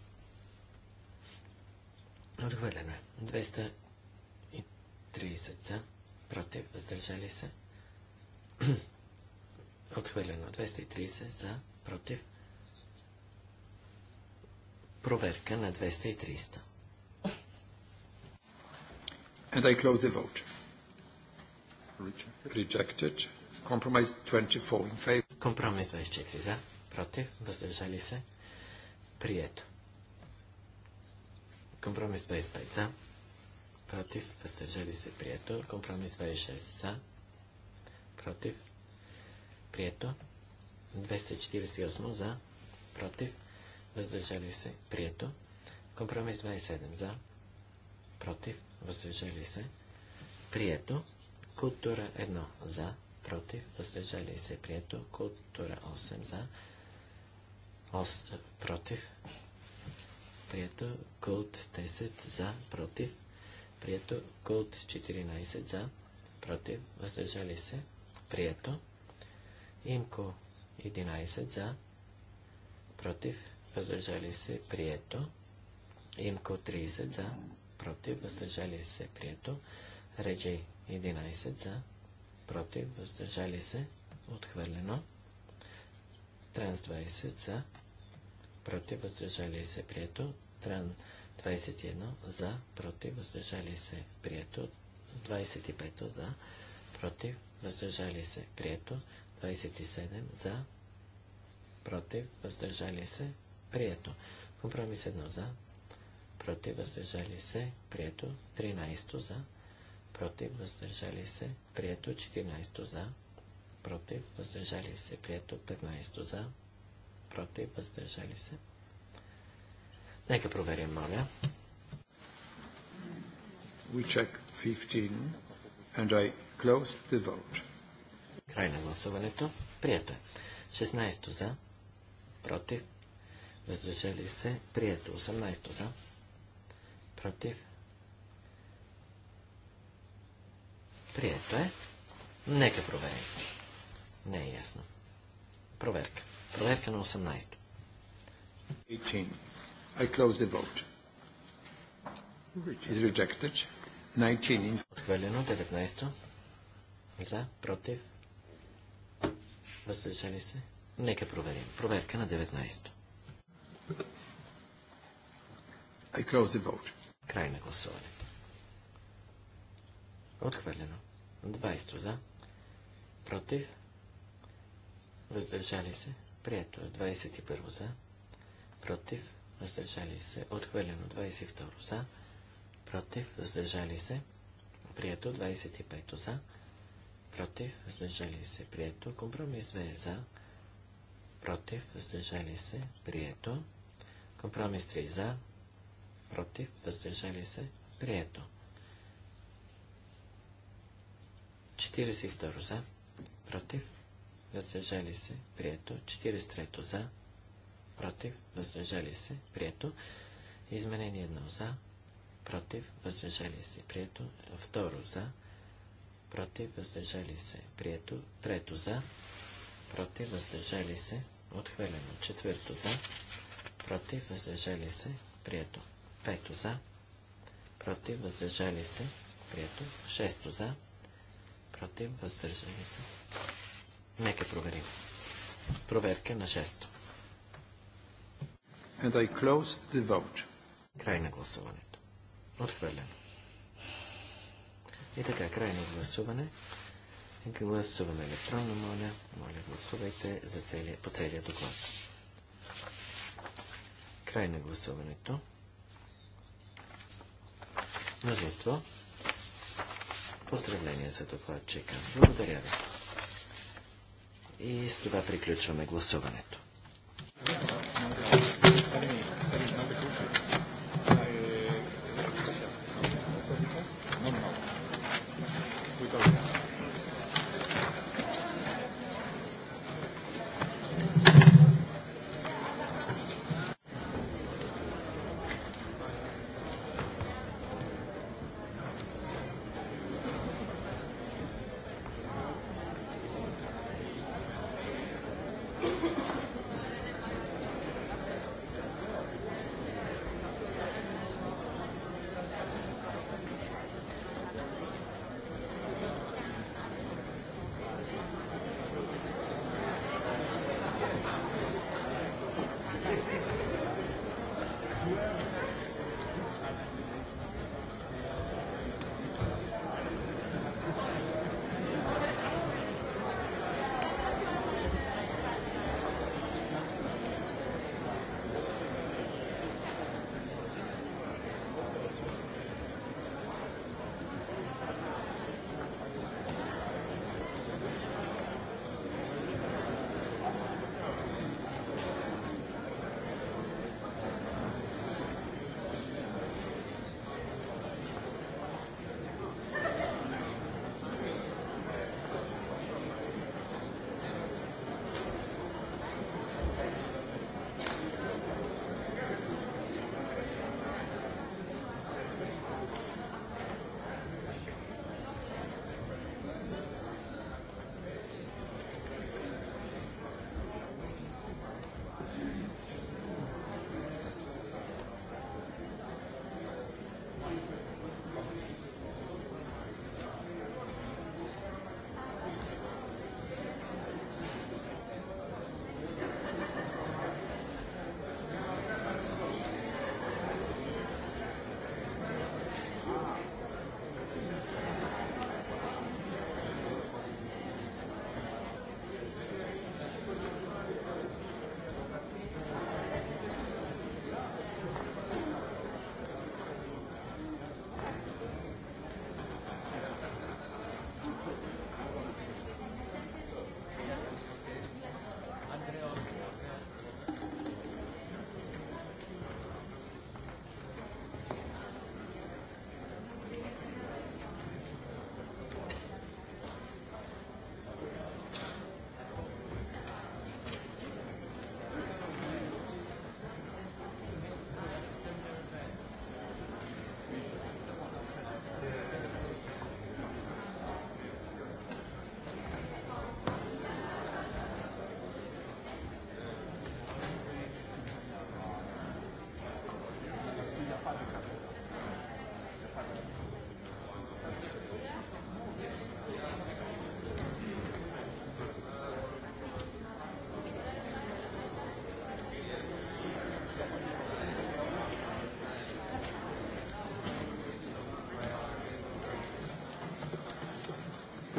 Отхвърлено е. 230 за. Против. Въздържали се. Отхвърлено 230 за, против. Проверка на 230. And I close the vote. Rejected. Compromise 24 in favor. Компромис 24 за, против, въздържали се. Прието. Компромис 25 за, против, въздържали се. Прието. Компромис 26 за, против, прието. 248 за, против, въздържали се, прието. Компромис 27 за, против, въздържали се, прието. Култура 1 за, против, въздържали се, прието. Култура 8 за, ос, против, прието. Култ 10 за, против, прието. Култ 14 за, против, въздържали се, Прието. Имко 11 за. Против. Въздържали се. Прието. Имко 30 за. Против. Въздържали се. Прието. Реджей 11 за. Против. Въздържали се. Отхвърлено. Транс 20 за. Против. Въздържали се. Прието. Тран 21 за. Против. Въздържали се. Прието. 25 за. Против въздържали се, прието. 27 за, против, въздържали се, прието. Компромис 1 за, против, въздържали се, прието. 13 за, против, въздържали се, прието. 14 за, против, въздържали се, прието. 15 за, против, въздържали се. Нека проверим, моля. We check 15. And I close the vote. Край на гласуването. Прието е. 16 за. Против. Въздържали се. Прието. 18 за. Против. Прието е. Нека проверим. Не е ясно. Проверка. Проверка на 18. 18. I close the vote. It's rejected. Отхвърлено 19. За, против. Въздържали се. Нека проверим. Проверка на 19. I close the vote. Край на гласуване. Отхвърлено. 20 за. Против. Въздържали се. Прието. 21 е. за. Против. Въздържали се. Отхвърлено. 22 за против, въздържали се, прието, 25 за, против, въздържали се, прието, компромис 2 за, против, въздържали се, прието, компромис 3 за, против, въздържали се, прието. 42 за, против, въздържали се, прието, 43 за, против, въздържали се, прието, изменение 1 за, против, въздържали се, прието. Второ за, против, въздържали се, прието. Трето за, против, въздържали се, отхвърлено. Четвърто за, против, въздържали се, прието. Пето за, против, въздържали се, прието. Шесто за, против, въздържали се. Нека проверим. Проверка на шесто. And I close the vote. Край на гласуването. Отхвърлено. И така, крайно гласуване. Гласуваме електронно, моля. Моля, гласувайте за целия, по целия доклад. Край на гласуването. Множество. Поздравление за докладчика. Благодаря ви. И с това приключваме гласуването.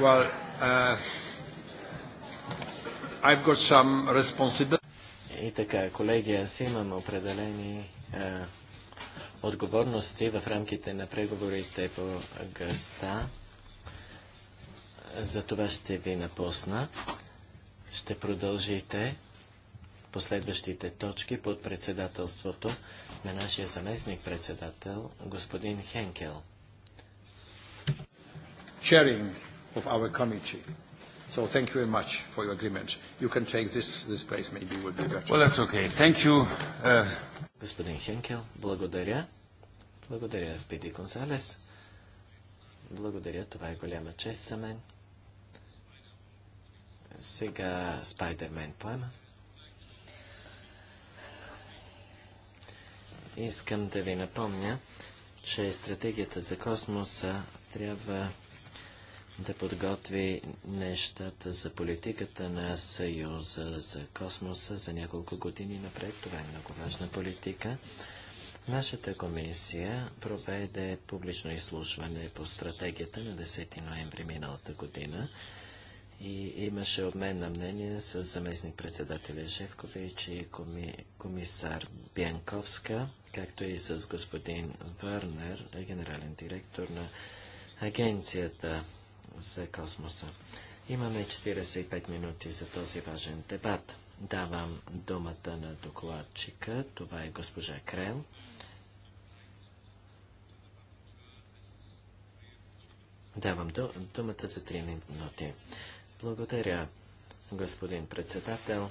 Well, uh, I've got some responsibility. И така, колеги, аз имам определени е, отговорности в рамките на преговорите по гъста. За това ще ви напусна. Ще продължите последващите точки под председателството на нашия заместник-председател господин Хенкел. Sharing of our committee. So thank you very much for your agreement. You can take this, this place, maybe would be better. Well, that's okay. Thank you. Uh... Господин Хенкел, благодаря. Благодаря, Спиди Гонсалес. Благодаря, това е голяма чест за мен. Сега Спайдермен поема. Искам да ви напомня, че стратегията за космоса трябва да подготви нещата за политиката на Съюза за космоса за няколко години напред. Това е много важна политика. Нашата комисия проведе публично изслушване по стратегията на 10 ноември миналата година и имаше обмен на мнение с заместник председателя Жевкович и коми... комисар Бянковска, както и с господин Върнер, генерален директор на агенцията за космоса. Имаме 45 минути за този важен дебат. Давам думата на докладчика. Това е госпожа Крел. Давам думата за 3 минути. Благодаря, господин председател.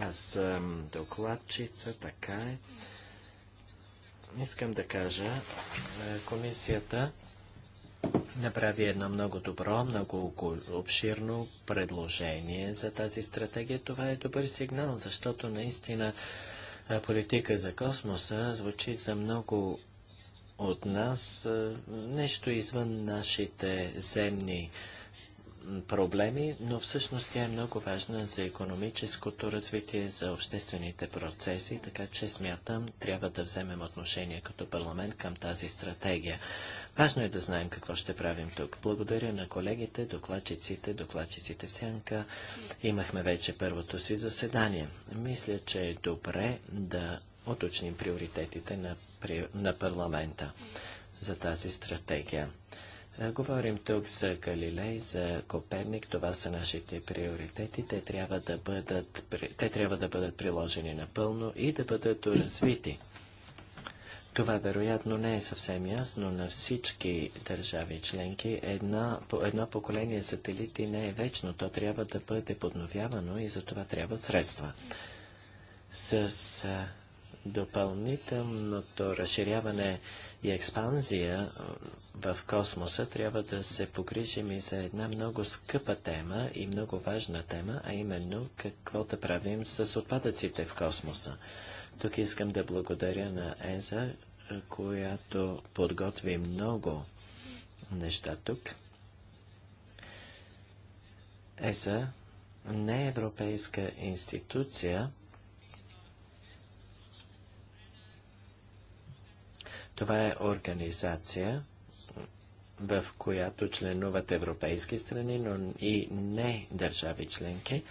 Аз съм докладчица, така е. Искам да кажа, е, комисията направи едно много добро, много обширно предложение за тази стратегия. Това е добър сигнал, защото наистина политика за космоса звучи за много от нас нещо извън нашите земни проблеми, но всъщност тя е много важна за економическото развитие, за обществените процеси, така че смятам, трябва да вземем отношение като парламент към тази стратегия. Важно е да знаем какво ще правим тук. Благодаря на колегите, докладчиците, докладчиците в Сянка. Имахме вече първото си заседание. Мисля, че е добре да уточним приоритетите на, на парламента за тази стратегия. Е, говорим тук за Галилей, за Коперник. Това са нашите приоритети. Те трябва да бъдат, те трябва да бъдат приложени напълно и да бъдат развити. Това вероятно не е съвсем ясно на всички държави членки. Една, едно поколение сателити не е вечно. То трябва да бъде подновявано и за това трябва средства. С допълнителното разширяване и експанзия в космоса трябва да се погрижим и за една много скъпа тема и много важна тема, а именно какво да правим с отпадъците в космоса. Тук искам да благодаря на ЕЗА, е, която подготви много неща тук. Еза не е европейска институция, Това е организация, в която членуват европейски страни, но и не държави членки.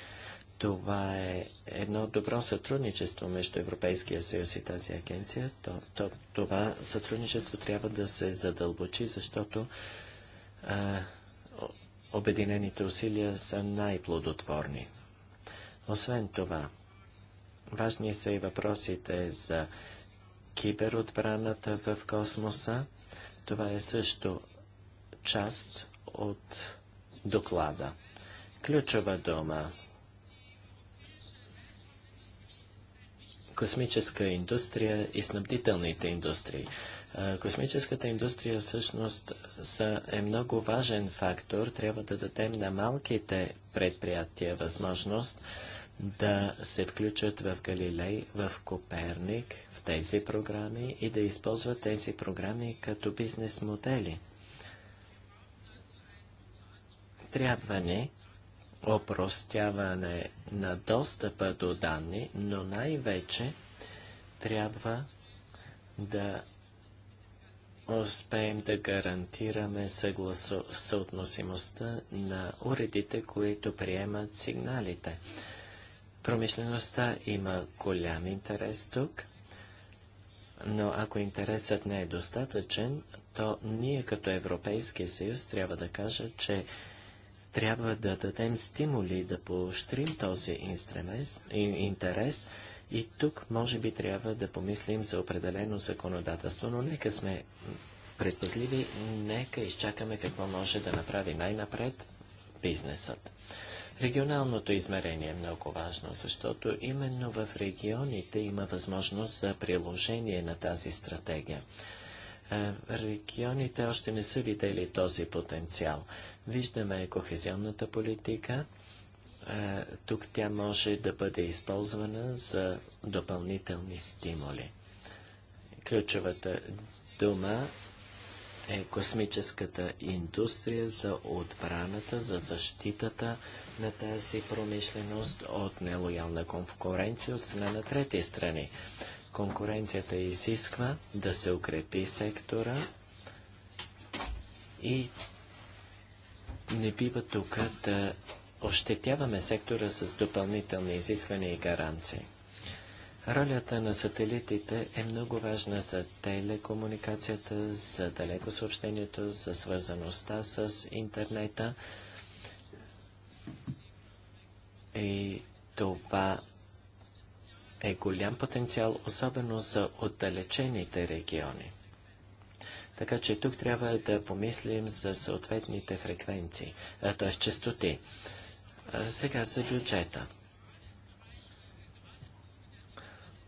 Това е едно добро сътрудничество между Европейския съюз и тази агенция. То, то, това сътрудничество трябва да се задълбочи, защото а, обединените усилия са най-плодотворни. Освен това, важни са и въпросите за киберотбраната в космоса. Това е също част от доклада. Ключова дума. Космическа индустрия и снабдителните индустрии. Космическата индустрия всъщност е много важен фактор. Трябва да дадем на малките предприятия възможност да се включат в Галилей, в Коперник, в тези програми и да използват тези програми като бизнес модели. Трябва не опростяване на достъпа до данни, но най-вече трябва да успеем да гарантираме съгласо... съотносимостта на уредите, които приемат сигналите. Промишлеността има голям интерес тук, но ако интересът не е достатъчен, то ние като Европейски съюз трябва да кажа, че трябва да дадем стимули да поощрим този интерес и тук може би трябва да помислим за определено законодателство, но нека сме предпазливи, нека изчакаме какво може да направи най-напред бизнесът. Регионалното измерение е много важно, защото именно в регионите има възможност за приложение на тази стратегия. Е, регионите още не са видели този потенциал. Виждаме кохезионната политика. Е, тук тя може да бъде използвана за допълнителни стимули. Ключовата дума е космическата индустрия за отбраната, за защитата на тази промишленост от нелоялна конкуренция от страна на трети страни. Конкуренцията изисква да се укрепи сектора и не бива тук да ощетяваме сектора с допълнителни изисквания и гаранции. Ролята на сателитите е много важна за телекомуникацията, за далеко съобщението, за свързаността с интернета. И това е голям потенциал, особено за отдалечените региони. Така че тук трябва да помислим за съответните фреквенции, т.е. частоти. сега за бюджета –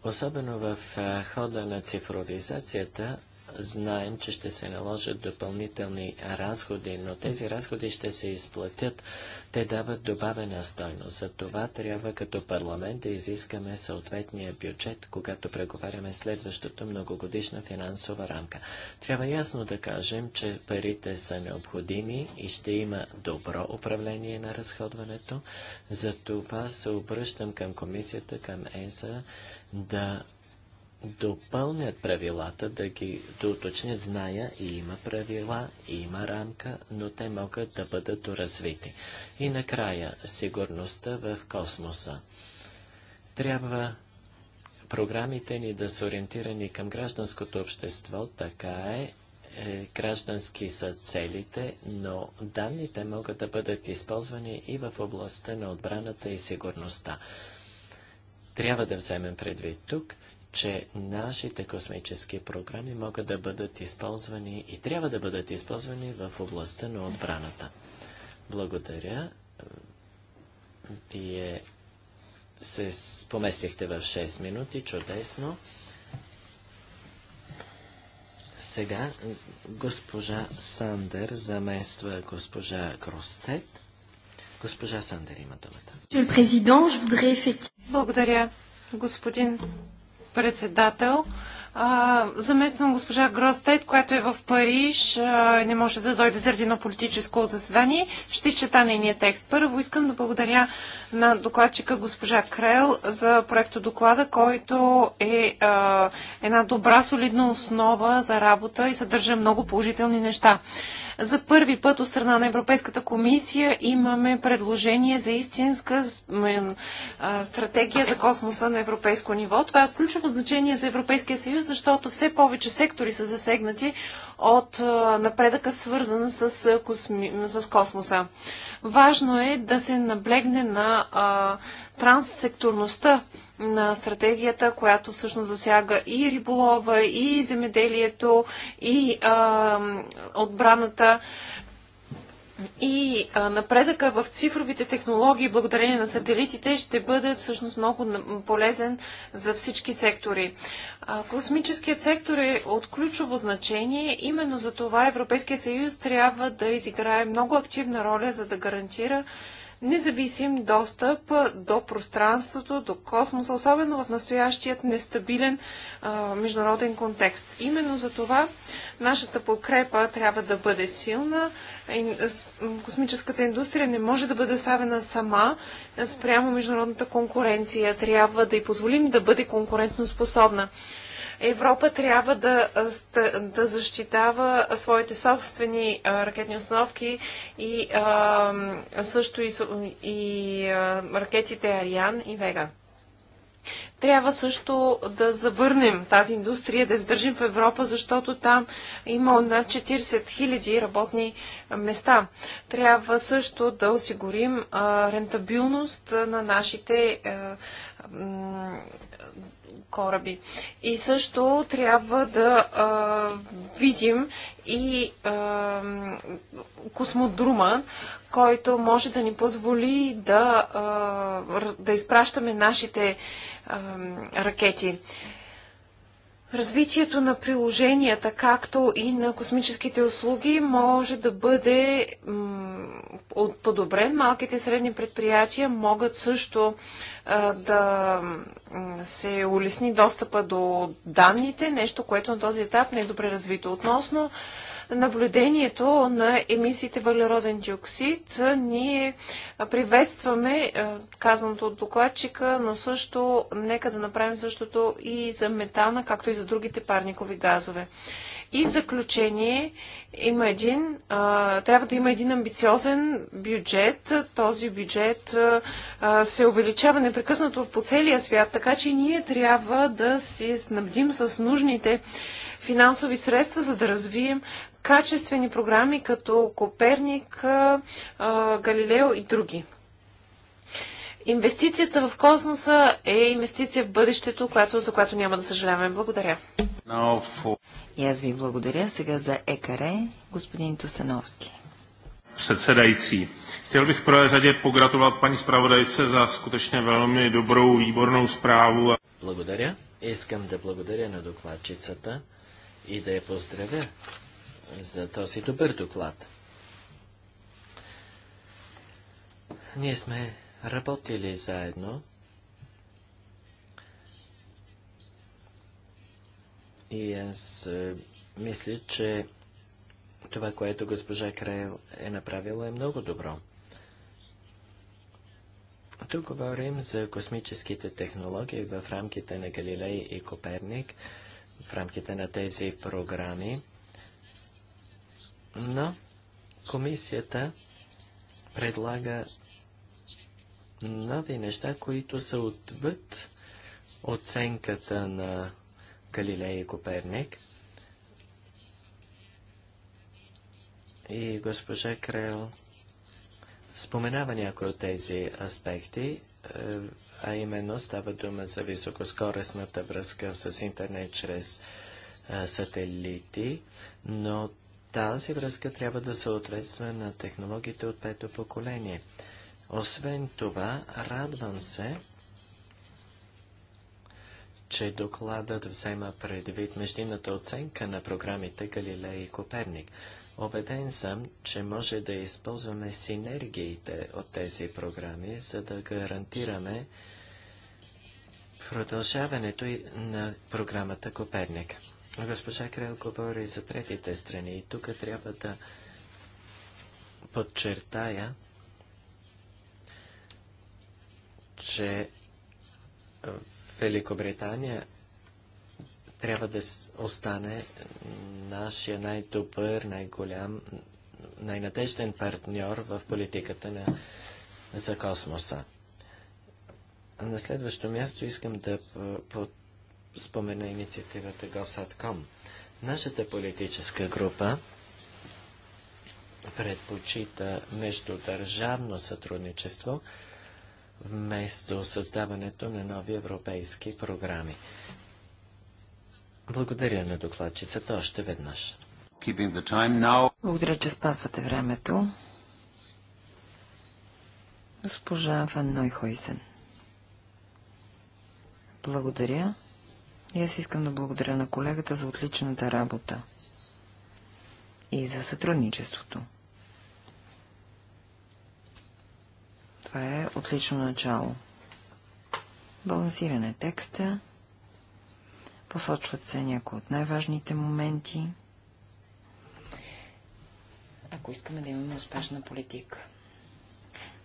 Особено в хода на цифровизацията, знаем, че ще се наложат допълнителни разходи, но тези разходи ще се изплатят. Те дават добавена стойност. За това трябва като парламент да изискаме съответния бюджет, когато преговаряме следващото многогодишна финансова рамка. Трябва ясно да кажем, че парите са необходими и ще има добро управление на разходването. За това се обръщам към комисията, към ЕСА, да допълнят правилата, да ги доуточнят, да зная и има правила, и има рамка, но те могат да бъдат доразвити. И накрая, сигурността в космоса. Трябва програмите ни да са ориентирани към гражданското общество, така е, е граждански са целите, но данните могат да бъдат използвани и в областта на отбраната и сигурността. Трябва да вземем предвид тук – че нашите космически програми могат да бъдат използвани и трябва да бъдат използвани в областта на отбраната. Благодаря. Вие се поместихте в 6 минути. Чудесно. Сега госпожа Сандер замества госпожа Кростет. Госпожа Сандер има думата. Благодаря, господин председател. А, замествам госпожа Гростет, която е в Париж, а, не може да дойде заради едно политическо заседание. Ще чета нейния текст. Първо искам да благодаря на докладчика госпожа Крел за проекто доклада, който е а, една добра, солидна основа за работа и съдържа много положителни неща. За първи път от страна на Европейската комисия имаме предложение за истинска стратегия за космоса на европейско ниво. Това е от ключово значение за Европейския съюз, защото все повече сектори са засегнати от напредъка, свързан с, косми... с космоса. Важно е да се наблегне на транссекторността на стратегията, която всъщност засяга и риболова, и земеделието, и а, отбраната. И а, напредъка в цифровите технологии, благодарение на сателитите, ще бъде всъщност много полезен за всички сектори. А, космическият сектор е от ключово значение. Именно за това Европейския съюз трябва да изиграе много активна роля, за да гарантира, независим достъп до пространството, до космоса, особено в настоящият нестабилен а, международен контекст. Именно за това нашата подкрепа трябва да бъде силна. Космическата индустрия не може да бъде оставена сама спрямо международната конкуренция. Трябва да й позволим да бъде конкурентно способна. Европа трябва да, да защитава своите собствени ракетни установки и а, също и, и а, ракетите Ариан и Веган. Трябва също да завърнем тази индустрия, да издържим в Европа, защото там има над 40 000 работни места. Трябва също да осигурим а, рентабилност на нашите а, кораби. И също трябва да а, видим и а, космодрума, който може да ни позволи да, а, да изпращаме нашите а, ракети развитието на приложенията, както и на космическите услуги, може да бъде подобрен. Малките и средни предприятия могат също а, да се улесни достъпа до данните, нещо, което на този етап не е добре развито. Относно наблюдението на емисиите въглероден диоксид. Ние приветстваме казаното от докладчика, но също нека да направим същото и за метана, както и за другите парникови газове. И в заключение има един, трябва да има един амбициозен бюджет. Този бюджет се увеличава непрекъснато по целия свят, така че ние трябва да се снабдим с нужните финансови средства, за да развием качествени програми като Коперник, Галилео и други. Инвестицията в космоса е инвестиция в бъдещето, която, за която няма да съжаляваме. Благодаря. No, for... И аз ви благодаря. Сега за ЕКАРЕ, господин Тусановски. Předsedající, chtěl bych v prvé řadě pogratulovat paní zpravodajce za skutečně velmi dobrou, výbornou zprávu. Благодаря. Искам да благодаря на докладчицата и да я поздравя за този добър доклад. Ние сме работили заедно и аз е, мисля, че това, което госпожа Крайл е направила, е много добро. Тук говорим за космическите технологии в рамките на Галилей и Коперник, в рамките на тези програми. Но комисията предлага нови неща, които са отвъд оценката на Галилей и Коперник. И госпожа Крел споменава някои от тези аспекти, е, а именно става дума за високоскоростната връзка с интернет чрез е, сателити, но тази връзка трябва да съответства на технологиите от пето поколение. Освен това, радвам се, че докладът взема предвид междинната оценка на програмите Галилей и Коперник. Обеден съм, че може да използваме синергиите от тези програми, за да гарантираме продължаването на програмата Коперник. Госпожа Крел говори за третите страни и тук трябва да подчертая, че Великобритания трябва да остане нашия най-добър, най-голям, най-надежден партньор в политиката на, за космоса. На следващо място искам да под спомена инициативата GovSatcom. Нашата политическа група предпочита междудържавно сътрудничество вместо създаването на нови европейски програми. Благодаря на докладчицата още веднъж. Благодаря, че спазвате времето. Госпожа Ван Нойхойсен. Благодаря. И аз искам да благодаря на колегата за отличната работа и за сътрудничеството. Това е отлично начало. Балансиране текста. Посочват се някои от най-важните моменти. Ако искаме да имаме успешна политика.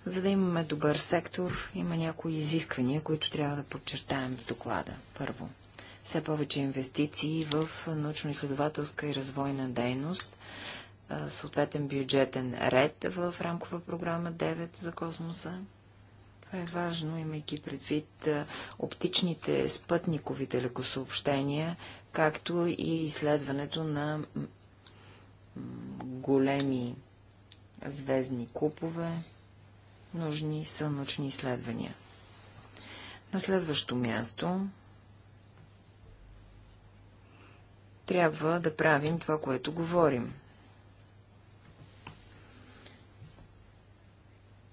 За да имаме добър сектор, има някои изисквания, които трябва да подчертаем в доклада. Първо, все повече инвестиции в научно-изследователска и развойна дейност, съответен бюджетен ред в рамкова програма 9 за космоса. Това е важно, имайки предвид оптичните спътникови далекосъобщения, както и изследването на големи звездни купове. Нужни са научни изследвания. На следващо място трябва да правим това, което говорим.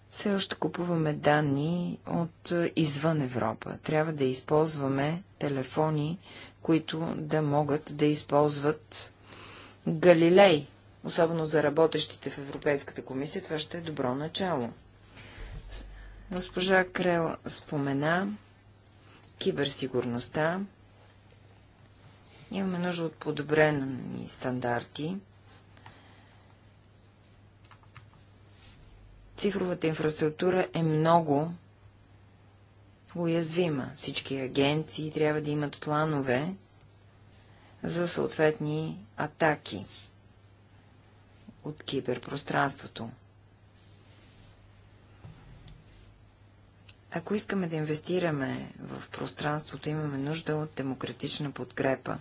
Все още купуваме данни от извън Европа. Трябва да използваме телефони, които да могат да използват Галилей, особено за работещите в Европейската комисия. Това ще е добро начало. Госпожа Крел спомена киберсигурността, Имаме нужда от подобрени стандарти. Цифровата инфраструктура е много уязвима. Всички агенции трябва да имат планове за съответни атаки от киберпространството. Ако искаме да инвестираме в пространството, имаме нужда от демократична подкрепа.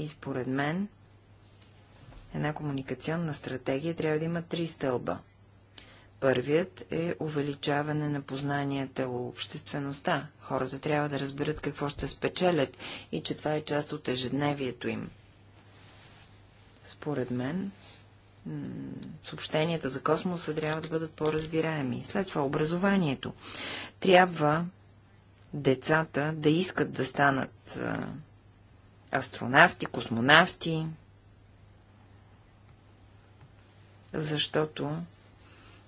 И според мен една комуникационна стратегия трябва да има три стълба. Първият е увеличаване на познанията у обществеността. Хората трябва да разберат какво ще спечелят и че това е част от ежедневието им. Според мен, съобщенията за космоса трябва да бъдат по-разбираеми. След това образованието. Трябва децата да искат да станат астронавти, космонавти, защото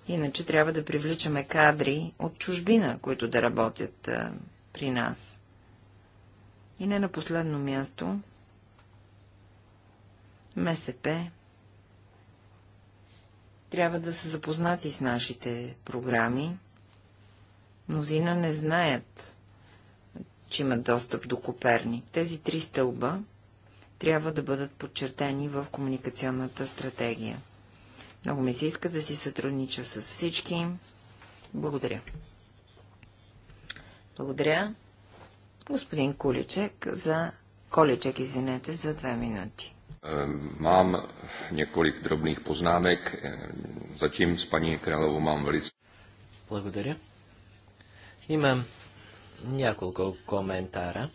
иначе трябва да привличаме кадри от чужбина, които да работят а, при нас. И не на последно място, МСП трябва да са запознати с нашите програми. Мнозина не знаят че имат достъп до коперни. Тези три стълба трябва да бъдат подчертени в комуникационната стратегия. Много ми се иска да си сътруднича с всички. Благодаря. Благодаря. Господин Количек за... Количек, извинете, за две минути. Е, мам několik drobných poznámek. Zatím с пани Кралово mám velice... Благодаря. Имам няколко коментара.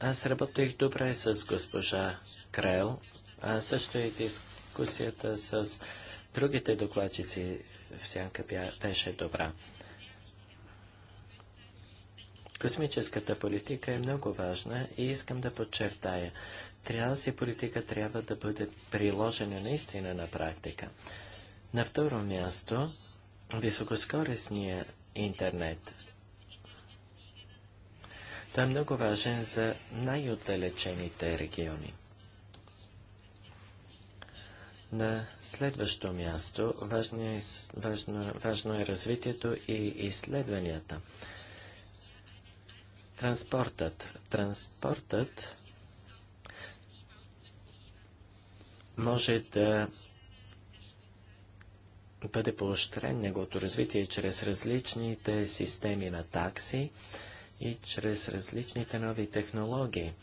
Аз работих добре с госпожа Крел, а също и дискусията с другите докладчици в Сянка беше добра. Космическата политика е много важна и искам да подчертая. си политика трябва да бъде приложена наистина на практика. На второ място, високоскоростния интернет. Той е много важен за най-отдалечените региони. На следващо място важно е, важно, важно е развитието и изследванията. Транспортът. Транспортът може да бъде поощрен неговото развитие чрез различните системи на такси и чрез различните нови технологии. Е,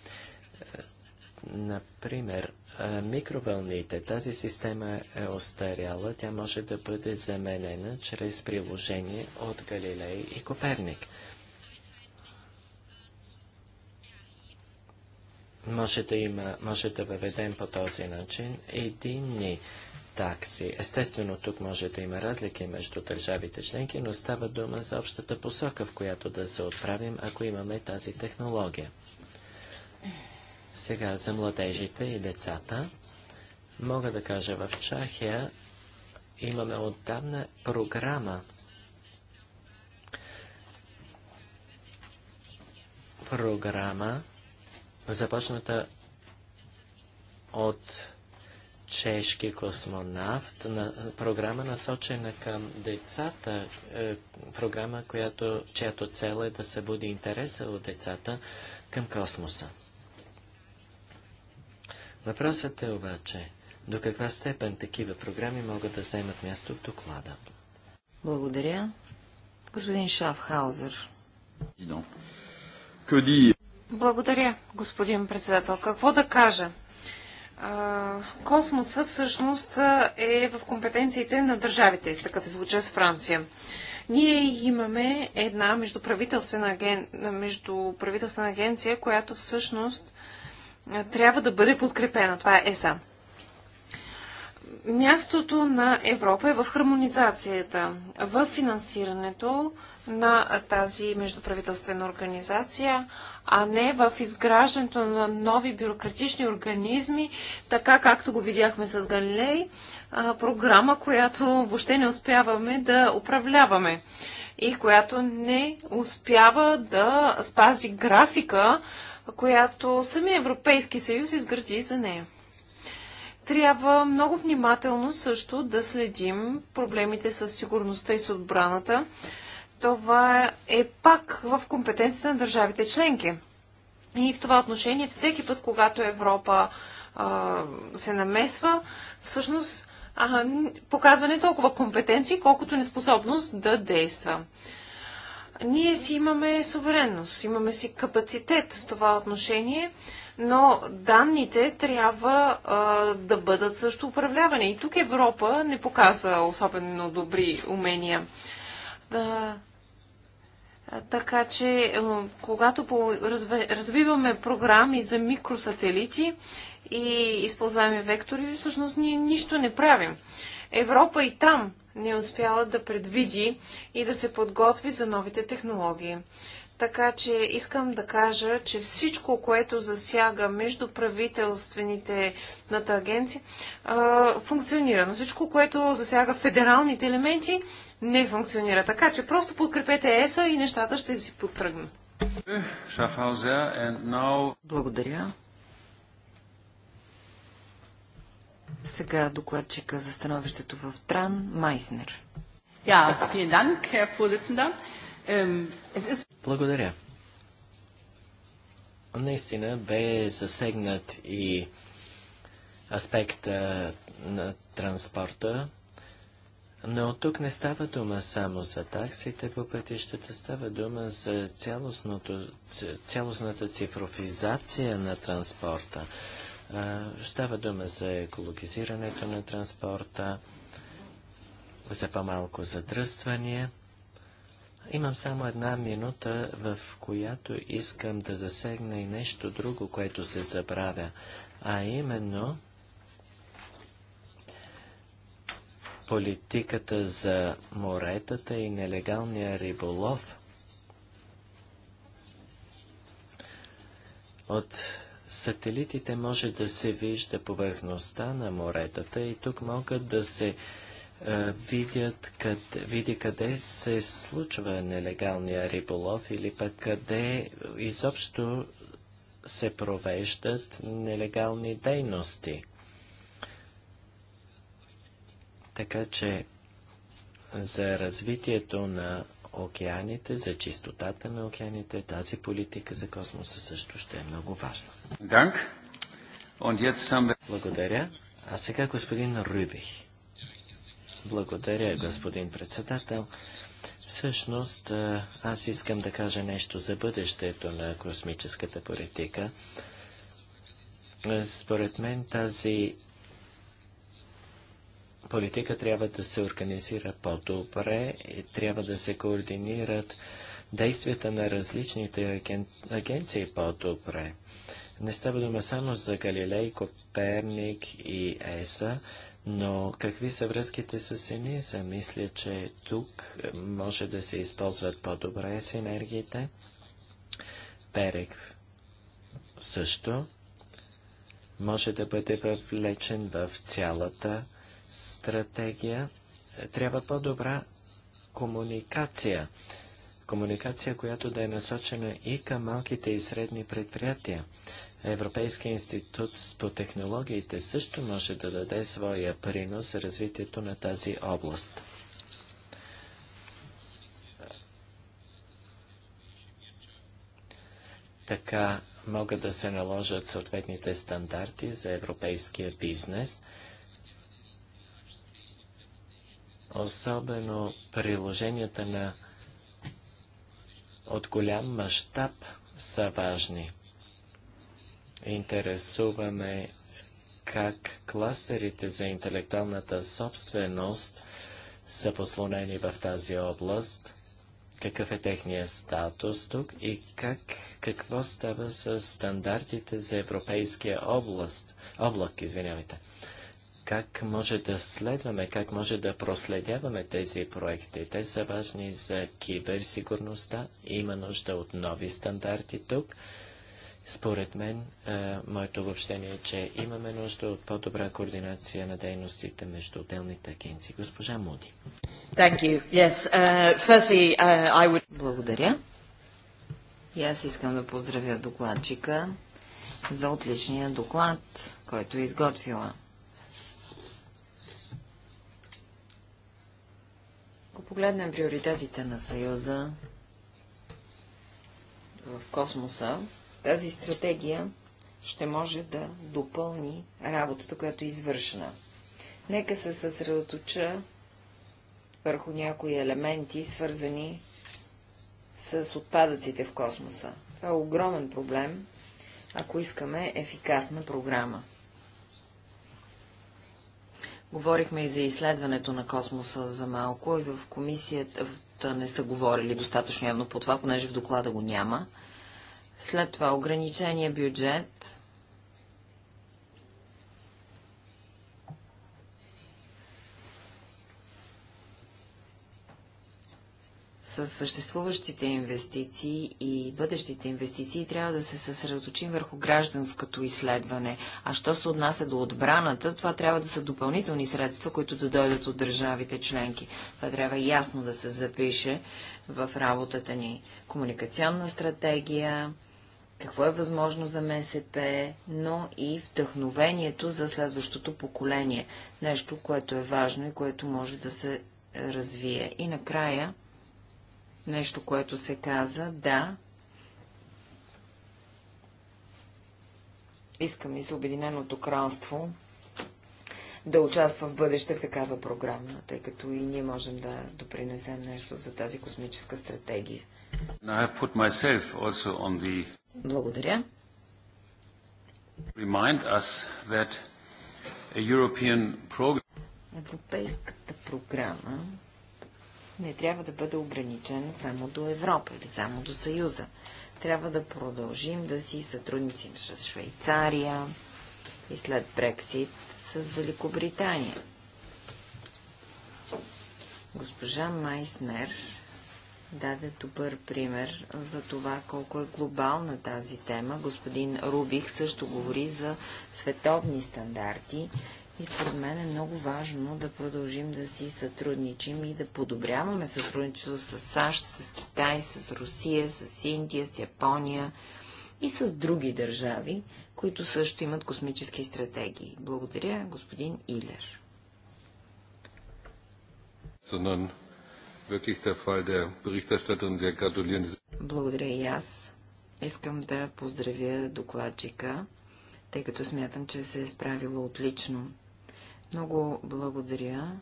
например, е, микровълните. Тази система е остаряла. Тя може да бъде заменена чрез приложение от Галилей и Коперник. Може да, има, може да въведем по този начин единни такси. Естествено, тук може да има разлики между държавите членки, но става дума за общата посока, в която да се отправим, ако имаме тази технология. Сега за младежите и децата. Мога да кажа, в Чахия имаме отдавна програма. Програма, започната от чешки космонавт, на, програма насочена към децата, е, програма, която, чиято цел е да се буди интереса от децата към космоса. Въпросът е обаче, до каква степен такива програми могат да вземат място в доклада? Благодаря. Господин Шафхаузер. Благодаря, господин председател. Какво да кажа? космоса всъщност е в компетенциите на държавите, такъв е случая с Франция. Ние имаме една междуправителствена, аген... междуправителствена агенция, която всъщност трябва да бъде подкрепена. Това е ЕСА. Мястото на Европа е в хармонизацията, в финансирането на тази междуправителствена организация, а не в изграждането на нови бюрократични организми, така както го видяхме с Галилей, програма, която въобще не успяваме да управляваме и която не успява да спази графика, която самия Европейски съюз изгради за нея. Трябва много внимателно също да следим проблемите с сигурността и с отбраната, това е пак в компетенцията на държавите членки. И в това отношение всеки път, когато Европа а, се намесва, всъщност а, показва не е толкова компетенции, колкото неспособност да действа. Ние си имаме суверенност, имаме си капацитет в това отношение, но данните трябва а, да бъдат също управлявани. И тук Европа не показа особено добри умения. Да, така че, когато развиваме програми за микросателити и използваме вектори, всъщност ние нищо не правим. Европа и там не е успяла да предвиди и да се подготви за новите технологии. Така че искам да кажа, че всичко, което засяга между правителствените агенции, функционира. Но всичко, което засяга федералните елементи, не функционира. Така че просто подкрепете ЕСА и нещата ще си потръгнат. Благодаря. Сега докладчика за становището в Тран Майснер. Ähm, Благодаря. Наистина бе засегнат и аспекта на транспорта но тук не става дума само за таксите по пътищата, става дума за цялостната цифровизация на транспорта. става дума за екологизирането на транспорта, за по-малко задръствания. Имам само една минута, в която искам да засегна и нещо друго, което се забравя, а именно политиката за моретата и нелегалния риболов. От сателитите може да се вижда повърхността на моретата и тук могат да се е, видят къд, види къде се случва нелегалния риболов или пък къде изобщо се провеждат нелегални дейности. Така че за развитието на океаните, за чистотата на океаните, тази политика за космоса също ще е много важна. Благодаря. А сега господин Рубих, Благодаря, господин председател. Всъщност, аз искам да кажа нещо за бъдещето на космическата политика. Е, според мен тази политика трябва да се организира по-добре, трябва да се координират действията на различните аген... агенции по-добре. Не става дума само за Галилей, Коперник и ЕСА, но какви са връзките с ЕНИСА? Мисля, че тук може да се използват по-добре синергиите. Перек също може да бъде въвлечен в цялата стратегия, трябва по-добра комуникация. Комуникация, която да е насочена и към малките и средни предприятия. Европейския институт по технологиите също може да даде своя принос за развитието на тази област. Така могат да се наложат съответните стандарти за европейския бизнес – особено приложенията на от голям мащаб са важни. Интересуваме как кластерите за интелектуалната собственост са послонени в тази област, какъв е техният статус тук и как, какво става с стандартите за европейския област, облак. Извинявайте как може да следваме, как може да проследяваме тези проекти. Те са важни за киберсигурността. Има нужда от нови стандарти тук. Според мен, е, моето обобщение е, че имаме нужда от по-добра координация на дейностите между отделните агенции. Госпожа Муди. Yes. Uh, firstly, uh, would... Благодаря. И аз искам да поздравя докладчика за отличния доклад, който е изготвила. погледнем приоритетите на Съюза в космоса, тази стратегия ще може да допълни работата, която е извършена. Нека се съсредоточа върху някои елементи, свързани с отпадъците в космоса. Това е огромен проблем, ако искаме ефикасна програма. Говорихме и за изследването на космоса за малко и в комисията не са говорили достатъчно явно по това, понеже в доклада го няма. След това ограничения бюджет с съществуващите инвестиции и бъдещите инвестиции трябва да се съсредоточим върху гражданското изследване. А що се отнася до отбраната, това трябва да са допълнителни средства, които да дойдат от държавите членки. Това трябва ясно да се запише в работата ни. Комуникационна стратегия, какво е възможно за МСП, но и вдъхновението за следващото поколение. Нещо, което е важно и което може да се развие. И накрая нещо, което се каза, да. Искам и за Обединеното кралство да участва в бъдеще в такава програма, тъй като и ние можем да допринесем нещо за тази космическа стратегия. The... Благодаря. European... Европейската програма не трябва да бъде ограничен само до Европа или само до Съюза. Трябва да продължим да си сътрудничим с Швейцария и след Брексит с Великобритания. Госпожа Майснер даде добър пример за това, колко е глобална тази тема. Господин Рубих също говори за световни стандарти и според мен е много важно да продължим да си сътрудничим и да подобряваме сътрудничество с САЩ, с Китай, с Русия, с Индия, с Япония и с други държави, които също имат космически стратегии. Благодаря, господин Илер. Благодаря и аз. Искам да поздравя докладчика, тъй като смятам, че се е справила отлично. Много благодаря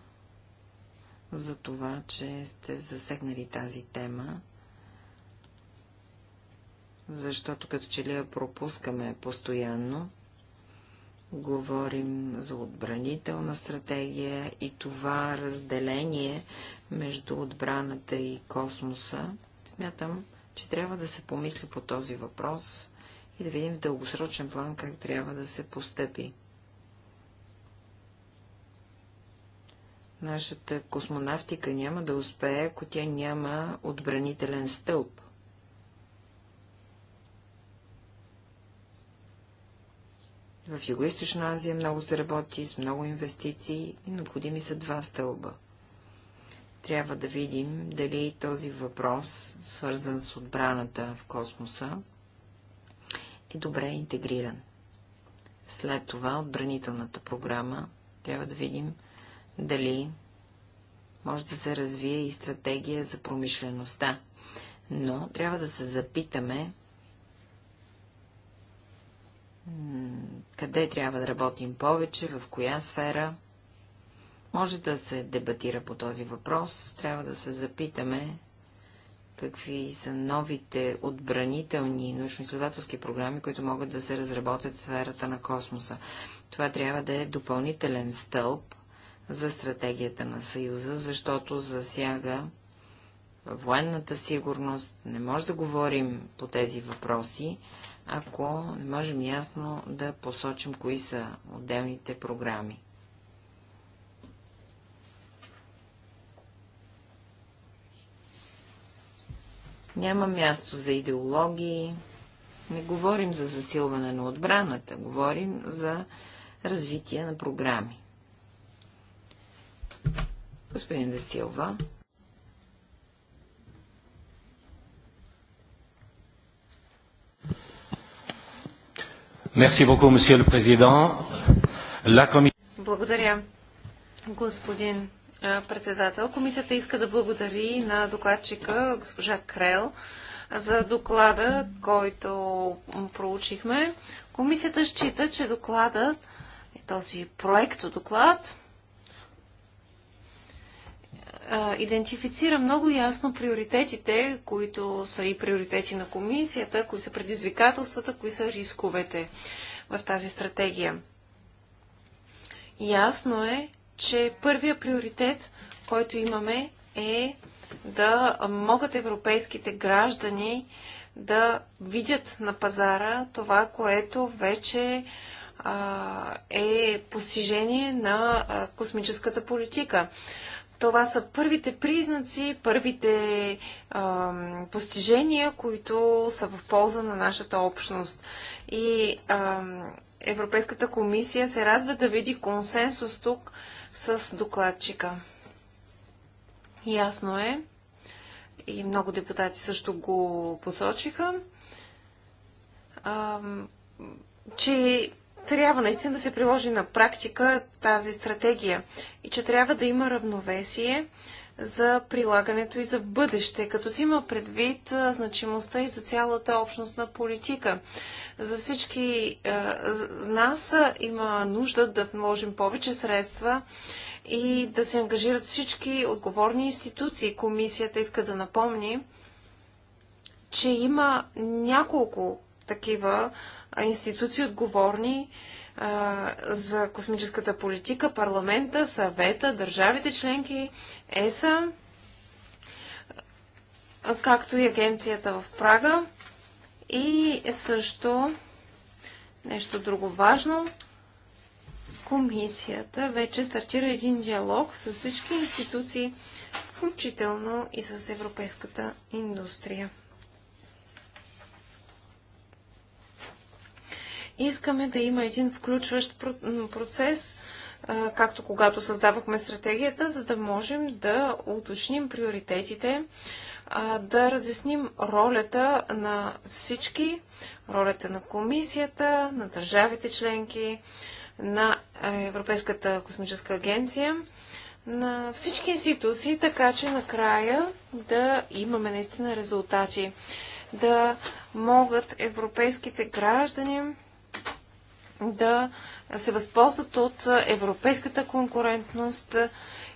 за това, че сте засегнали тази тема, защото като че ли я пропускаме постоянно. Говорим за отбранителна стратегия и това разделение между отбраната и космоса. Смятам, че трябва да се помисли по този въпрос и да видим в дългосрочен план как трябва да се постъпи. Нашата космонавтика няма да успее, ако тя няма отбранителен стълб. В Юго-Источна Азия много се работи, с много инвестиции и необходими са два стълба. Трябва да видим дали този въпрос, свързан с отбраната в космоса, е добре интегриран. След това отбранителната програма трябва да видим дали може да се развие и стратегия за промишлеността. Но трябва да се запитаме къде трябва да работим повече, в коя сфера. Може да се дебатира по този въпрос. Трябва да се запитаме какви са новите отбранителни научно-изследователски програми, които могат да се разработят в сферата на космоса. Това трябва да е допълнителен стълб за стратегията на Съюза, защото засяга военната сигурност. Не може да говорим по тези въпроси, ако не можем ясно да посочим кои са отделните програми. Няма място за идеологии. Не говорим за засилване на отбраната, говорим за развитие на програми. Господин Десилва. Мерси боку, monsieur le Благодаря, господин председател. Комисията иска да благодари на докладчика госпожа Крел за доклада, който проучихме. Комисията счита, че докладът, този проект доклад, идентифицира много ясно приоритетите, които са и приоритети на комисията, кои са предизвикателствата, кои са рисковете в тази стратегия. Ясно е, че първия приоритет, който имаме е да могат европейските граждани да видят на пазара това, което вече а, е постижение на космическата политика. Това са първите признаци, първите а, постижения, които са в полза на нашата общност. И а, Европейската комисия се радва да види консенсус тук с докладчика. Ясно е, и много депутати също го посочиха, а, че трябва наистина да се приложи на практика тази стратегия и че трябва да има равновесие за прилагането и за бъдеще, като си има предвид значимостта и за цялата общност на политика. За всички е, нас има нужда да вложим повече средства и да се ангажират всички отговорни институции. Комисията иска да напомни, че има няколко такива институции отговорни за космическата политика, парламента, съвета, държавите членки, ЕСА, както и агенцията в Прага. И също нещо друго важно. Комисията вече стартира един диалог с всички институции, включително и с европейската индустрия. Искаме да има един включващ процес, както когато създавахме стратегията, за да можем да уточним приоритетите, да разясним ролята на всички, ролята на комисията, на държавите членки, на Европейската космическа агенция, на всички институции, така че накрая да имаме наистина резултати, да могат европейските граждани да се възползват от европейската конкурентност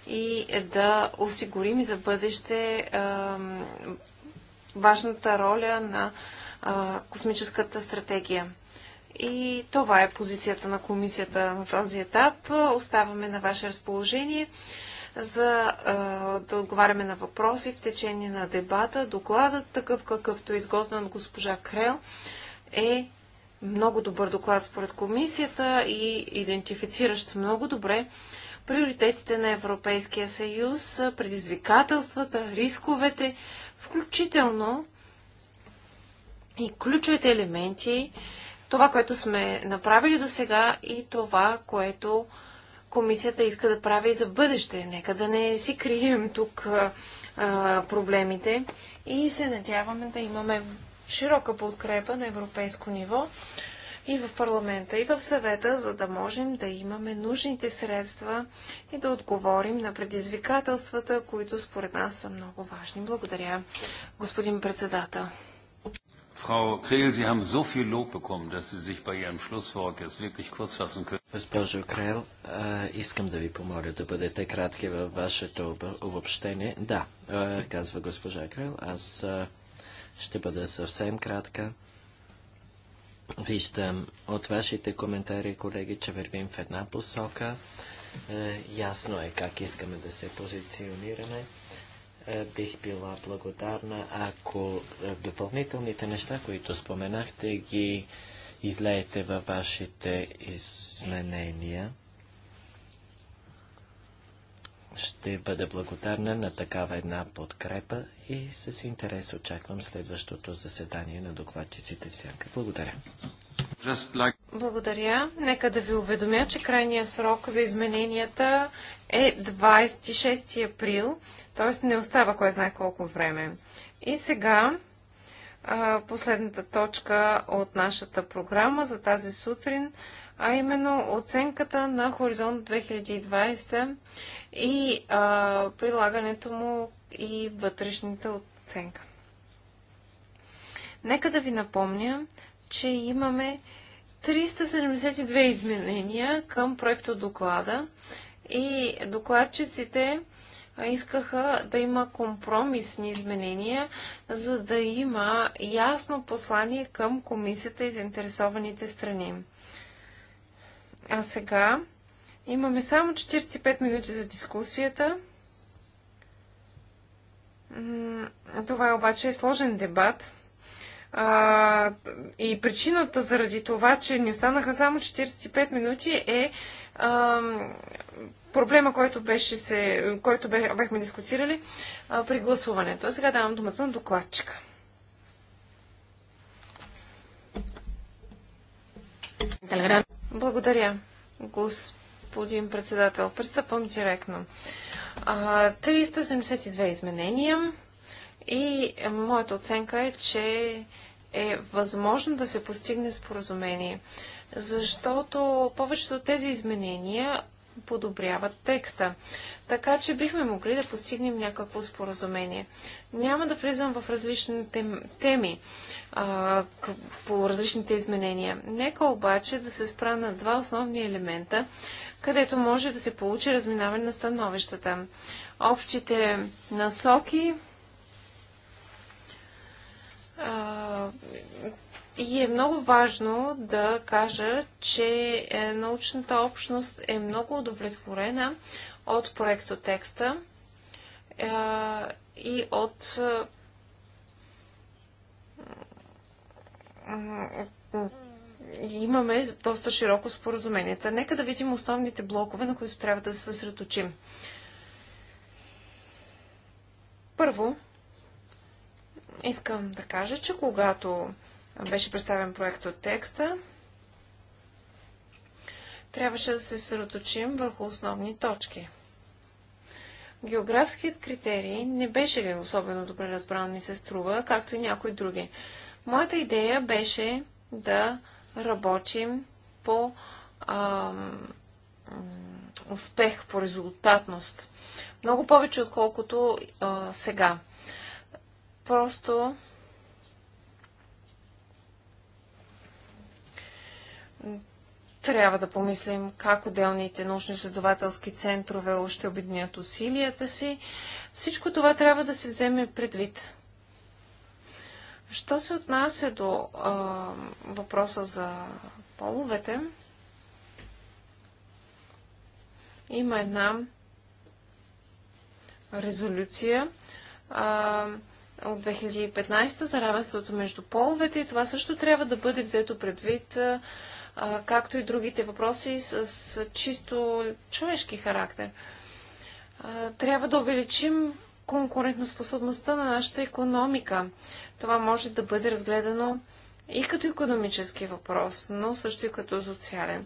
и да осигурим и за бъдеще важната роля на космическата стратегия. И това е позицията на комисията на този етап. Оставаме на ваше разположение за да отговаряме на въпроси в течение на дебата. Докладът, такъв какъвто е изготвен от госпожа Крел, е много добър доклад според комисията и идентифициращ много добре приоритетите на Европейския съюз, предизвикателствата, рисковете, включително и ключовите елементи, това, което сме направили до сега и това, което комисията иска да прави и за бъдеще. Нека да не си крием тук а, проблемите и се надяваме да имаме широка подкрепа на европейско ниво и в парламента, и в съвета, за да можем да имаме нужните средства и да отговорим на предизвикателствата, които според нас са много важни. Благодаря, господин председател. Frau Krehl, Sie haben so viel Lob bekommen, dass Sie sich bei Ihrem Schlusswort jetzt wirklich kurz fassen können. Госпожо Крел, искам да ви помоля да бъдете кратки във вашето обобщение. Да, казва госпожа Крел, аз а, ще бъда съвсем кратка. Виждам от вашите коментари, колеги, че вървим в една посока. Е, ясно е как искаме да се позиционираме. Е, бих била благодарна, ако е, допълнителните неща, които споменахте, ги излеете във вашите изменения ще бъда благодарна на такава една подкрепа и с интерес очаквам следващото заседание на докладчиците в Сянка. Благодаря. Благодаря. Нека да ви уведомя, че крайният срок за измененията е 26 април, т.е. не остава кой знае колко време. И сега последната точка от нашата програма за тази сутрин – а именно оценката на Хоризонт 2020 и а, прилагането му и вътрешната оценка. Нека да ви напомня, че имаме 372 изменения към проекто доклада и докладчиците искаха да има компромисни изменения, за да има ясно послание към комисията и заинтересованите страни. А сега имаме само 45 минути за дискусията. Това е обаче е сложен дебат. А, и причината заради това, че ни останаха само 45 минути е а, проблема, който, беше се, който бе, бехме дискутирали а, при гласуването. А сега давам думата на докладчика. Благодаря, господин председател. Пристъпвам директно. 372 изменения и моята оценка е, че е възможно да се постигне споразумение, защото повечето от тези изменения подобряват текста. Така че бихме могли да постигнем някакво споразумение. Няма да влизам в различните теми а, по различните изменения. Нека обаче да се спра на два основни елемента, където може да се получи разминаване на становищата. Общите насоки и е много важно да кажа, че е, научната общност е много удовлетворена от проекто текста и от имаме доста широко споразуменията. Нека да видим основните блокове, на които трябва да се съсредоточим. Първо, искам да кажа, че когато беше представен проект от текста, трябваше да се съсредоточим върху основни точки. Географският критерий не беше особено добре разбран, ми се струва, както и някои други. Моята идея беше да работим по а, успех, по резултатност. Много повече, отколкото а, сега. Просто трябва да помислим как отделните научно-изследователски центрове още обединят усилията си. Всичко това трябва да се вземе предвид. Що се отнася до а, въпроса за половете, има една резолюция а, от 2015 за равенството между половете и това също трябва да бъде взето предвид а, както и другите въпроси с чисто човешки характер. Трябва да увеличим конкурентоспособността на нашата економика. Това може да бъде разгледано и като економически въпрос, но също и като социален.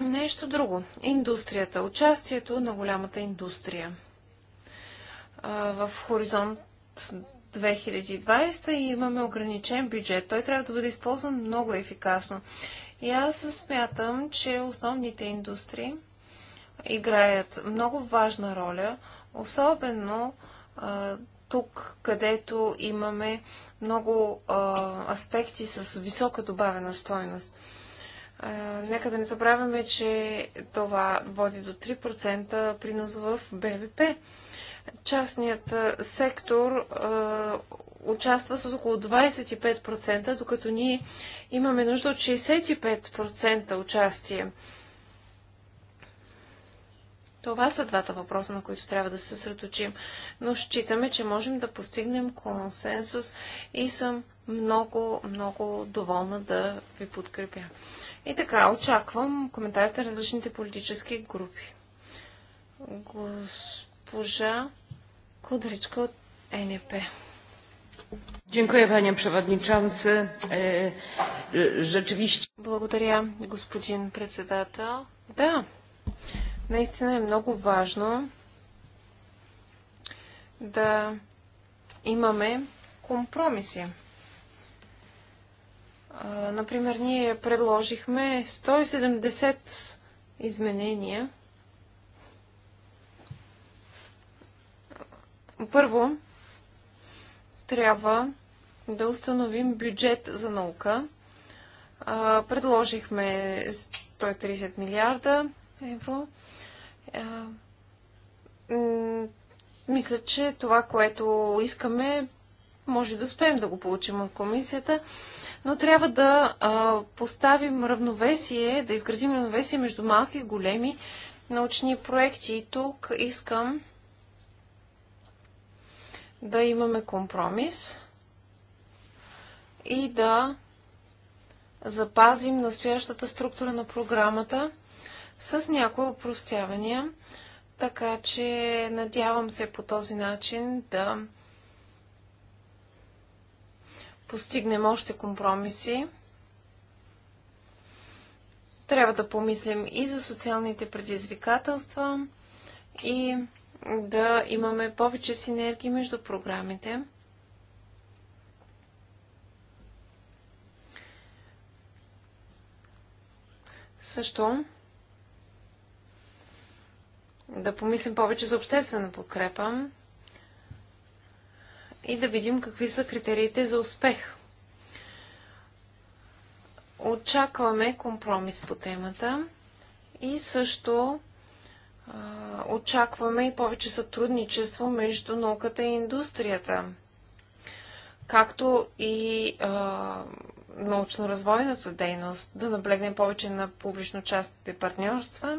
Нещо друго. Индустрията. Участието на голямата индустрия. В Хоризонт 2020 и имаме ограничен бюджет. Той трябва да бъде използван много ефикасно. И аз смятам, че основните индустрии играят много важна роля, особено а, тук, където имаме много а, аспекти с висока добавена стойност. А, нека да не забравяме, че това води до 3% принос в БВП частният сектор участва с около 25%, докато ние имаме нужда от 65% участие. Това са двата въпроса, на които трябва да се съсредоточим. Но считаме, че можем да постигнем консенсус и съм много, много доволна да ви подкрепя. И така, очаквам коментарите на различните политически групи. Господин госпожа Кудричка от НП. Дякую, panie przewodniczący. E, e, rzeczywiście. Благодаря, господин председател. Да, наистина е много важно да имаме компромиси. Например, ние предложихме 170 изменения Първо, трябва да установим бюджет за наука. Предложихме 130 милиарда евро. Мисля, че това, което искаме, може да успеем да го получим от комисията, но трябва да поставим равновесие, да изградим равновесие между малки и големи научни проекти. И тук искам да имаме компромис и да запазим настоящата структура на програмата с някои упростявания. така че надявам се по този начин да постигнем още компромиси. Трябва да помислим и за социалните предизвикателства и да имаме повече синергии между програмите. Също да помислим повече за обществена подкрепа и да видим какви са критериите за успех. Очакваме компромис по темата и също очакваме и повече сътрудничество между науката и индустрията, както и научно-развойната дейност, да наблегнем повече на публично-частните партньорства,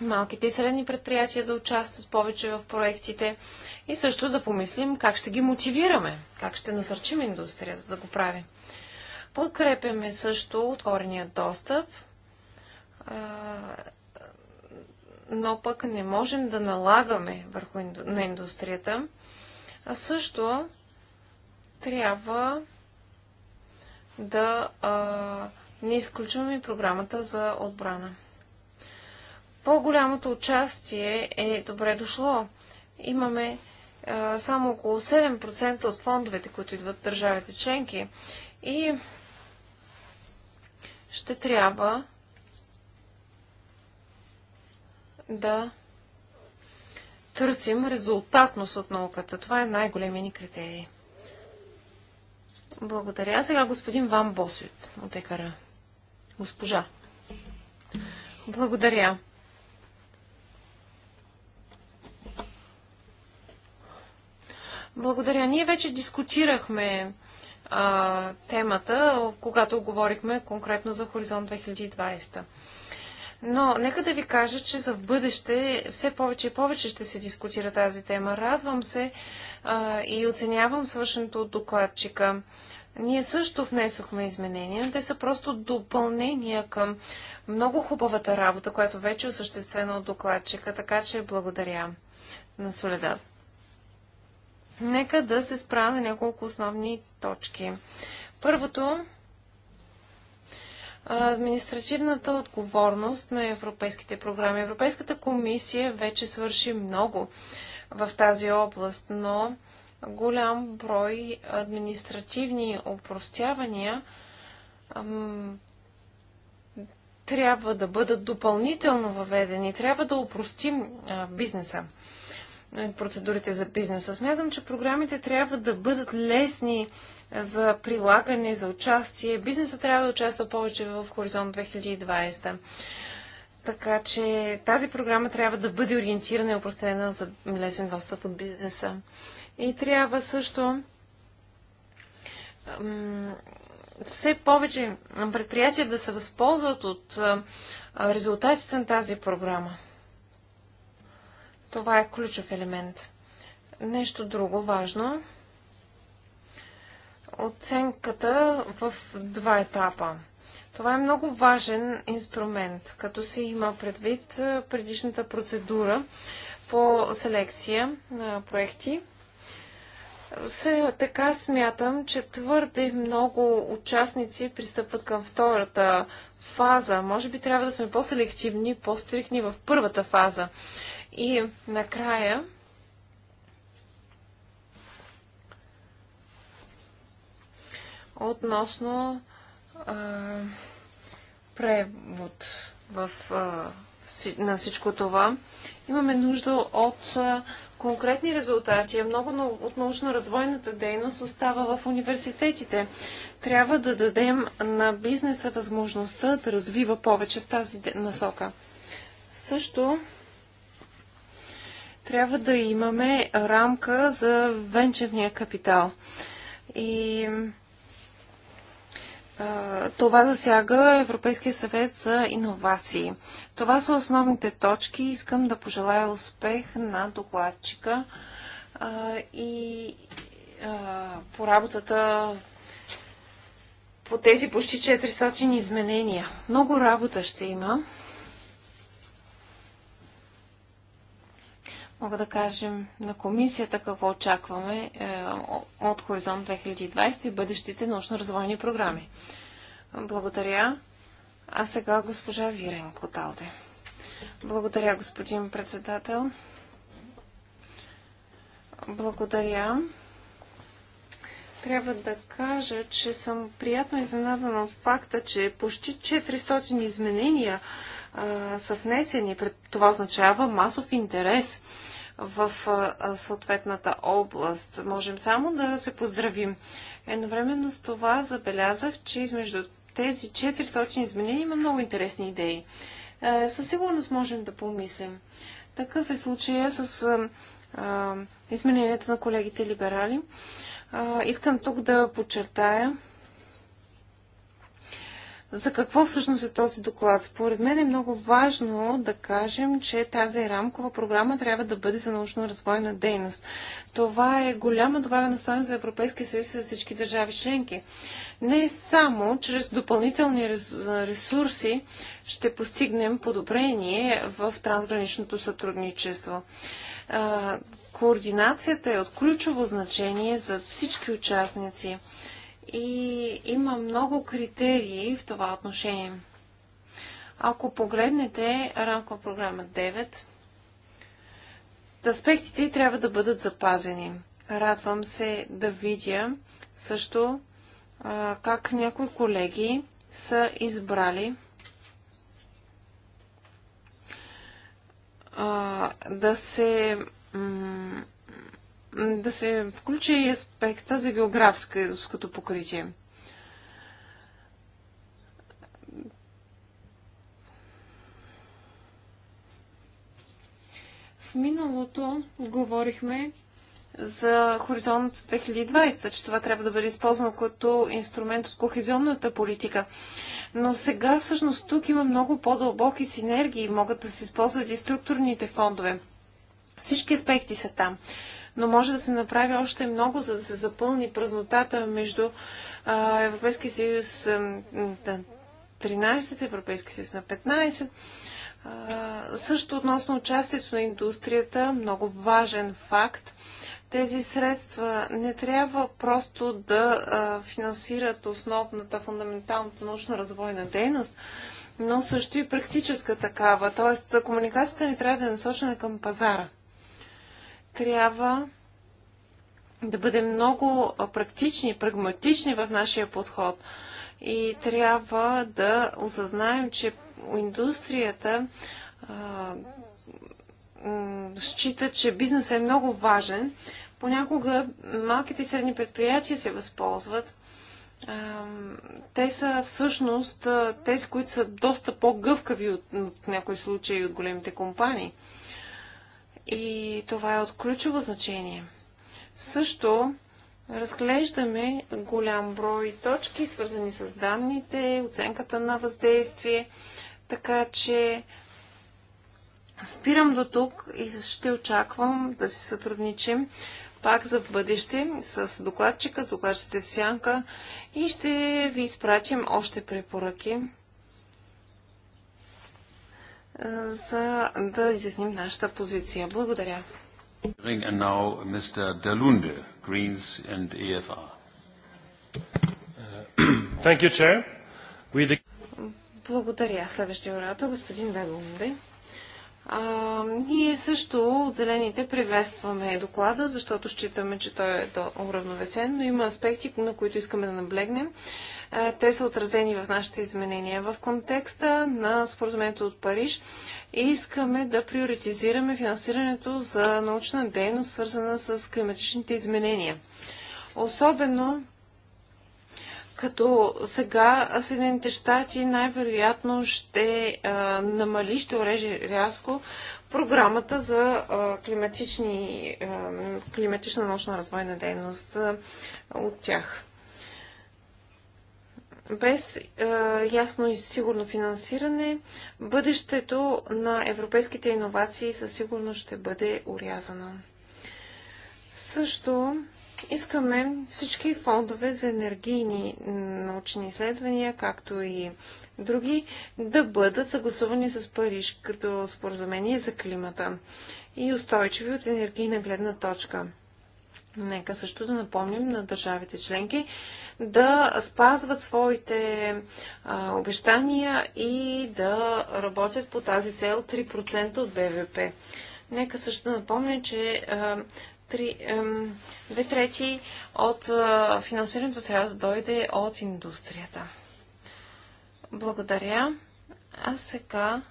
малките и средни предприятия да участват повече в проектите и също да помислим как ще ги мотивираме, как ще насърчим индустрията да го прави. Подкрепяме също отворения достъп но пък не можем да налагаме върху инду... на индустрията. А също трябва да а, не изключваме програмата за отбрана. По-голямото участие е добре дошло. Имаме а, само около 7% от фондовете, които идват в държавите членки. И ще трябва да търсим резултатност от науката. Това е най-големия ни критерий. Благодаря. Сега господин Ван Босют от ЕКАРА. Госпожа. Благодаря. Благодаря. Ние вече дискутирахме а, темата, когато говорихме конкретно за Хоризонт 2020. Но нека да ви кажа, че за в бъдеще все повече и повече ще се дискутира тази тема. Радвам се а, и оценявам свършеното от докладчика. Ние също внесохме изменения, но те са просто допълнения към много хубавата работа, която вече е осъществена от докладчика, така че благодаря на Соледа. Нека да се справя на няколко основни точки. Първото административната отговорност на европейските програми. Европейската комисия вече свърши много в тази област, но голям брой административни опростявания ам, трябва да бъдат допълнително въведени. Трябва да опростим а, бизнеса, е, процедурите за бизнеса. Смятам, че програмите трябва да бъдат лесни за прилагане, за участие. Бизнесът трябва да участва повече в Хоризонт 2020. Така че тази програма трябва да бъде ориентирана и упростена за лесен достъп от бизнеса. И трябва също все повече предприятия да се възползват от резултатите на тази програма. Това е ключов елемент. Нещо друго важно оценката в два етапа. Това е много важен инструмент, като се има предвид предишната процедура по селекция на проекти. Се, така смятам, че твърде много участници пристъпват към втората фаза. Може би трябва да сме по-селективни, по стрихни в първата фаза. И накрая относно а, превод в, а, на всичко това. Имаме нужда от а, конкретни резултати. Много от научно-развойната дейност остава в университетите. Трябва да дадем на бизнеса възможността да развива повече в тази насока. Също трябва да имаме рамка за венчевния капитал. И това засяга Европейския съвет за иновации. Това са основните точки. Искам да пожелая успех на докладчика и по работата по тези почти 400 изменения. Много работа ще има. мога да кажем на комисията какво очакваме е, от Хоризонт 2020 и бъдещите научно-развойни програми. Благодаря. А сега госпожа Вирен Коталде. Благодаря, господин председател. Благодаря. Трябва да кажа, че съм приятно изненадана от факта, че почти 400 изменения а, са внесени. Пред това означава масов интерес. А, в съответната област. Можем само да се поздравим. Едновременно с това забелязах, че измежду тези 400 изменения има много интересни идеи. Е, със сигурност можем да помислим. Такъв е случая с измененията на колегите либерали. Искам тук да подчертая, за какво всъщност е този доклад. Според мен е много важно да кажем, че тази рамкова програма трябва да бъде за научно-развойна дейност. Това е голяма добавена стойност за Европейския съюз и за всички държави членки. Не само чрез допълнителни ресурси ще постигнем подобрение в трансграничното сътрудничество. Координацията е от ключово значение за всички участници и има много критерии в това отношение. Ако погледнете рамкова програма 9, аспектите трябва да бъдат запазени. Радвам се да видя също как някои колеги са избрали да се да се включи и аспекта за географското покритие. В миналото говорихме за хоризонт 2020, че това трябва да бъде използвано като инструмент от кохезионната политика. Но сега всъщност тук има много по-дълбоки синергии, могат да се използват и структурните фондове. Всички аспекти са там но може да се направи още много, за да се запълни празнотата между а, Европейски съюз на 13, Европейски съюз на 15. А, също относно участието на индустрията, много важен факт. Тези средства не трябва просто да а, финансират основната, фундаменталната научна развойна дейност, но също и практическа такава. Тоест, комуникацията ни трябва да е насочена към пазара трябва да бъдем много практични, прагматични в нашия подход и трябва да осъзнаем, че индустрията а, счита, че бизнесът е много важен. Понякога малките и средни предприятия се възползват. А, те са всъщност тези, които са доста по-гъвкави от, от някои случаи от големите компании и това е от ключово значение. Също разглеждаме голям брой точки, свързани с данните, оценката на въздействие, така че спирам до тук и ще очаквам да се сътрудничим пак за бъдеще с докладчика, с докладчите в сянка и ще ви изпратим още препоръки за да изясним нашата позиция. Благодаря. Dalunde, e uh, you, the... Благодаря. Следващия оратор, господин Делунде. А, ние също от Зелените приветстваме доклада, защото считаме, че той е уравновесен, но има аспекти, на които искаме да наблегнем. Те са отразени в нашите изменения. В контекста на споразумението от Париж искаме да приоритизираме финансирането за научна дейност, свързана с климатичните изменения. Особено като сега Съединените щати най-вероятно ще а, намали, ще уреже рязко програмата за а, климатични, а, климатична научна развойна дейност а, от тях без е, ясно и сигурно финансиране, бъдещето на европейските иновации със сигурност ще бъде урязано. Също искаме всички фондове за енергийни научни изследвания, както и други, да бъдат съгласувани с Париж като споразумение за климата и устойчиви от енергийна гледна точка. Нека също да напомним на държавите членки, да спазват своите а, обещания и да работят по тази цел 3% от БВП. Нека също напомня, че две трети от а, финансирането трябва да дойде от индустрията. Благодаря. А сега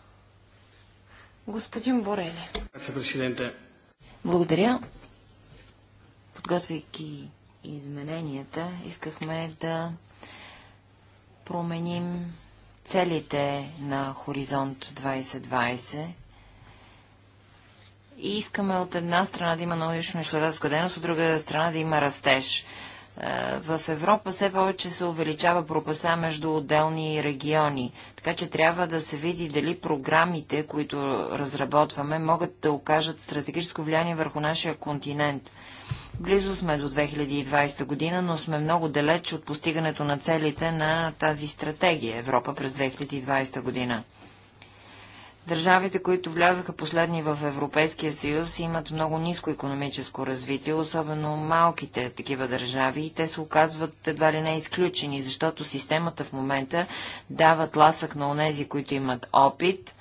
господин Борели. Благодаря. Подготвяйки измененията искахме да променим целите на Хоризонт 2020 и искаме от една страна да има научно-изследователска дейност, от друга страна да има растеж. Е, в Европа все повече се увеличава пропаста между отделни региони, така че трябва да се види дали програмите, които разработваме, могат да окажат стратегическо влияние върху нашия континент – Близо сме до 2020 година, но сме много далеч от постигането на целите на тази стратегия Европа през 2020 година. Държавите, които влязаха последни в Европейския съюз, имат много ниско економическо развитие, особено малките такива държави, и те се оказват едва ли не изключени, защото системата в момента дава тласък на онези, които имат опит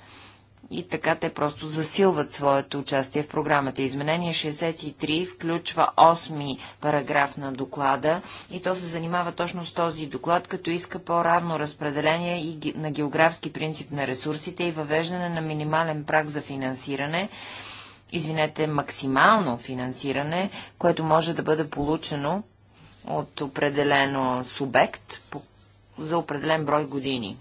и така те просто засилват своето участие в програмата. Изменение 63 включва 8 параграф на доклада и то се занимава точно с този доклад, като иска по-равно разпределение и на географски принцип на ресурсите и въвеждане на минимален праг за финансиране, извинете, максимално финансиране, което може да бъде получено от определено субект за определен брой години.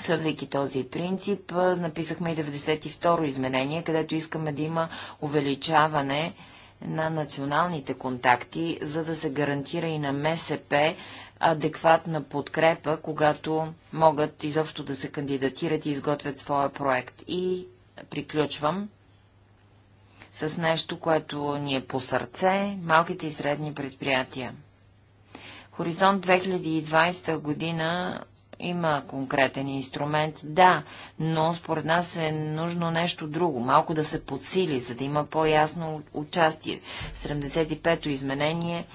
Следвайки този принцип, написахме и 92-ро изменение, където искаме да има увеличаване на националните контакти, за да се гарантира и на МСП адекватна подкрепа, когато могат изобщо да се кандидатират и изготвят своя проект. И приключвам с нещо, което ни е по сърце – малките и средни предприятия. Хоризонт 2020 година има конкретен инструмент, да, но според нас е нужно нещо друго. Малко да се подсили, за да има по-ясно участие. 75-то изменение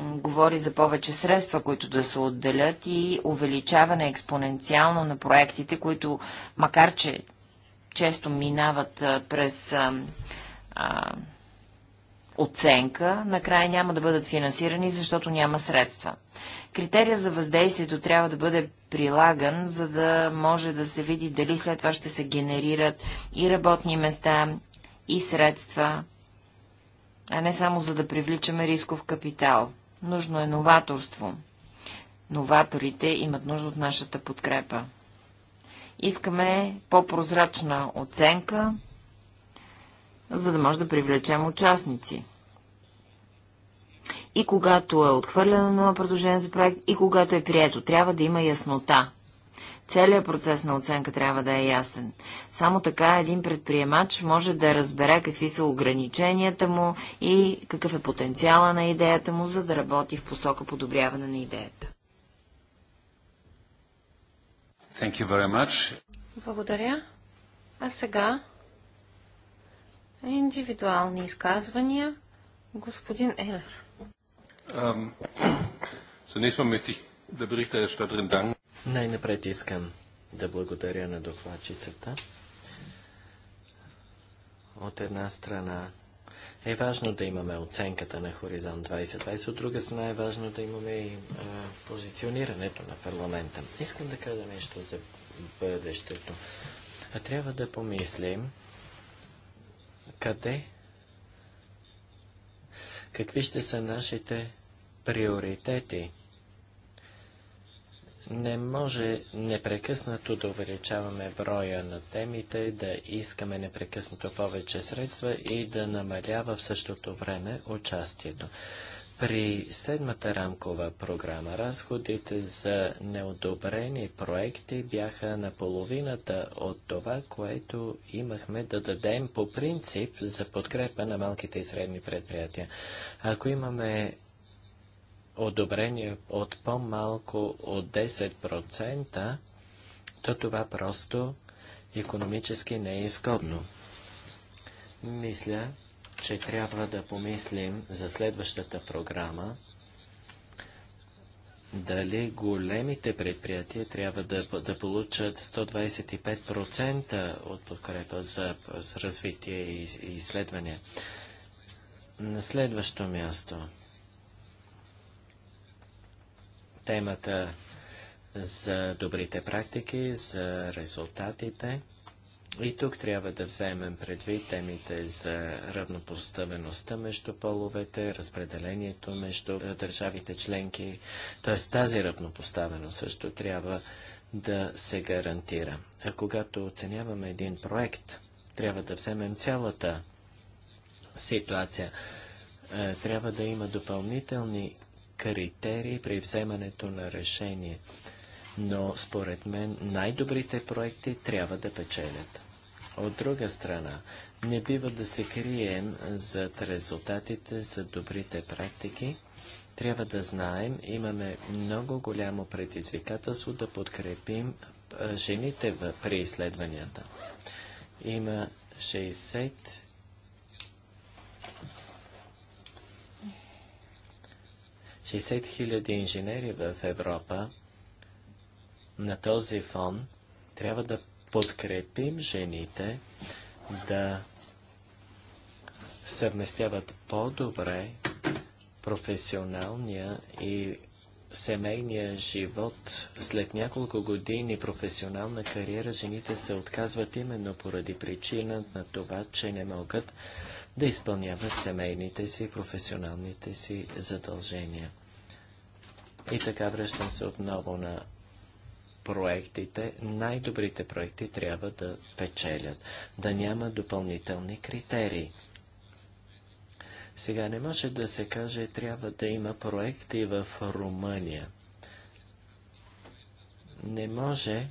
говори за повече средства, които да се отделят и увеличаване експоненциално на проектите, които, макар че често минават през а, а, оценка, накрая няма да бъдат финансирани, защото няма средства. Критерия за въздействието трябва да бъде прилаган, за да може да се види дали след това ще се генерират и работни места, и средства, а не само за да привличаме рисков капитал. Нужно е новаторство. Новаторите имат нужда от нашата подкрепа. Искаме по-прозрачна оценка, за да може да привлечем участници. И когато е отхвърлено на предложение за проект, и когато е прието, трябва да има яснота. Целият процес на оценка трябва да е ясен. Само така един предприемач може да разбере какви са ограниченията му и какъв е потенциала на идеята му, за да работи в посока подобряване на идеята. Благодаря. А сега Индивидуални изказвания. Господин Елер. Най-напред искам да благодаря на докладчицата. От една страна е важно да имаме оценката на Хоризонт 2020, от друга страна е важно да имаме и позиционирането на парламента. Искам да кажа нещо за бъдещето. А трябва да помислим къде, какви ще са нашите приоритети. Не може непрекъснато да увеличаваме броя на темите, да искаме непрекъснато повече средства и да намалява в същото време участието. При седмата рамкова програма разходите за неодобрени проекти бяха на половината от това, което имахме да дадем по принцип за подкрепа на малките и средни предприятия. Ако имаме одобрение от по-малко от 10%, то това просто економически не е изгодно. Мисля, че трябва да помислим за следващата програма, дали големите предприятия трябва да, да получат 125% от подкрепа за, за развитие и, и изследване. На следващо място темата за добрите практики, за резултатите – и тук трябва да вземем предвид темите за равнопоставеността между половете, разпределението между е, държавите членки. Т.е. тази равнопоставеност също трябва да се гарантира. А когато оценяваме един проект, трябва да вземем цялата ситуация. Е, трябва да има допълнителни критерии при вземането на решение но според мен най-добрите проекти трябва да печелят. От друга страна, не бива да се крием зад резултатите, за добрите практики. Трябва да знаем, имаме много голямо предизвикателство да подкрепим жените при изследванията. Има 60 60 хиляди инженери в Европа. На този фон трябва да подкрепим жените да съвместяват по-добре професионалния и семейния живот. След няколко години професионална кариера жените се отказват именно поради причина на това, че не могат да изпълняват семейните си, и професионалните си задължения. И така връщам се отново на проектите, най-добрите проекти трябва да печелят, да няма допълнителни критерии. Сега не може да се каже, трябва да има проекти в Румъния. Не може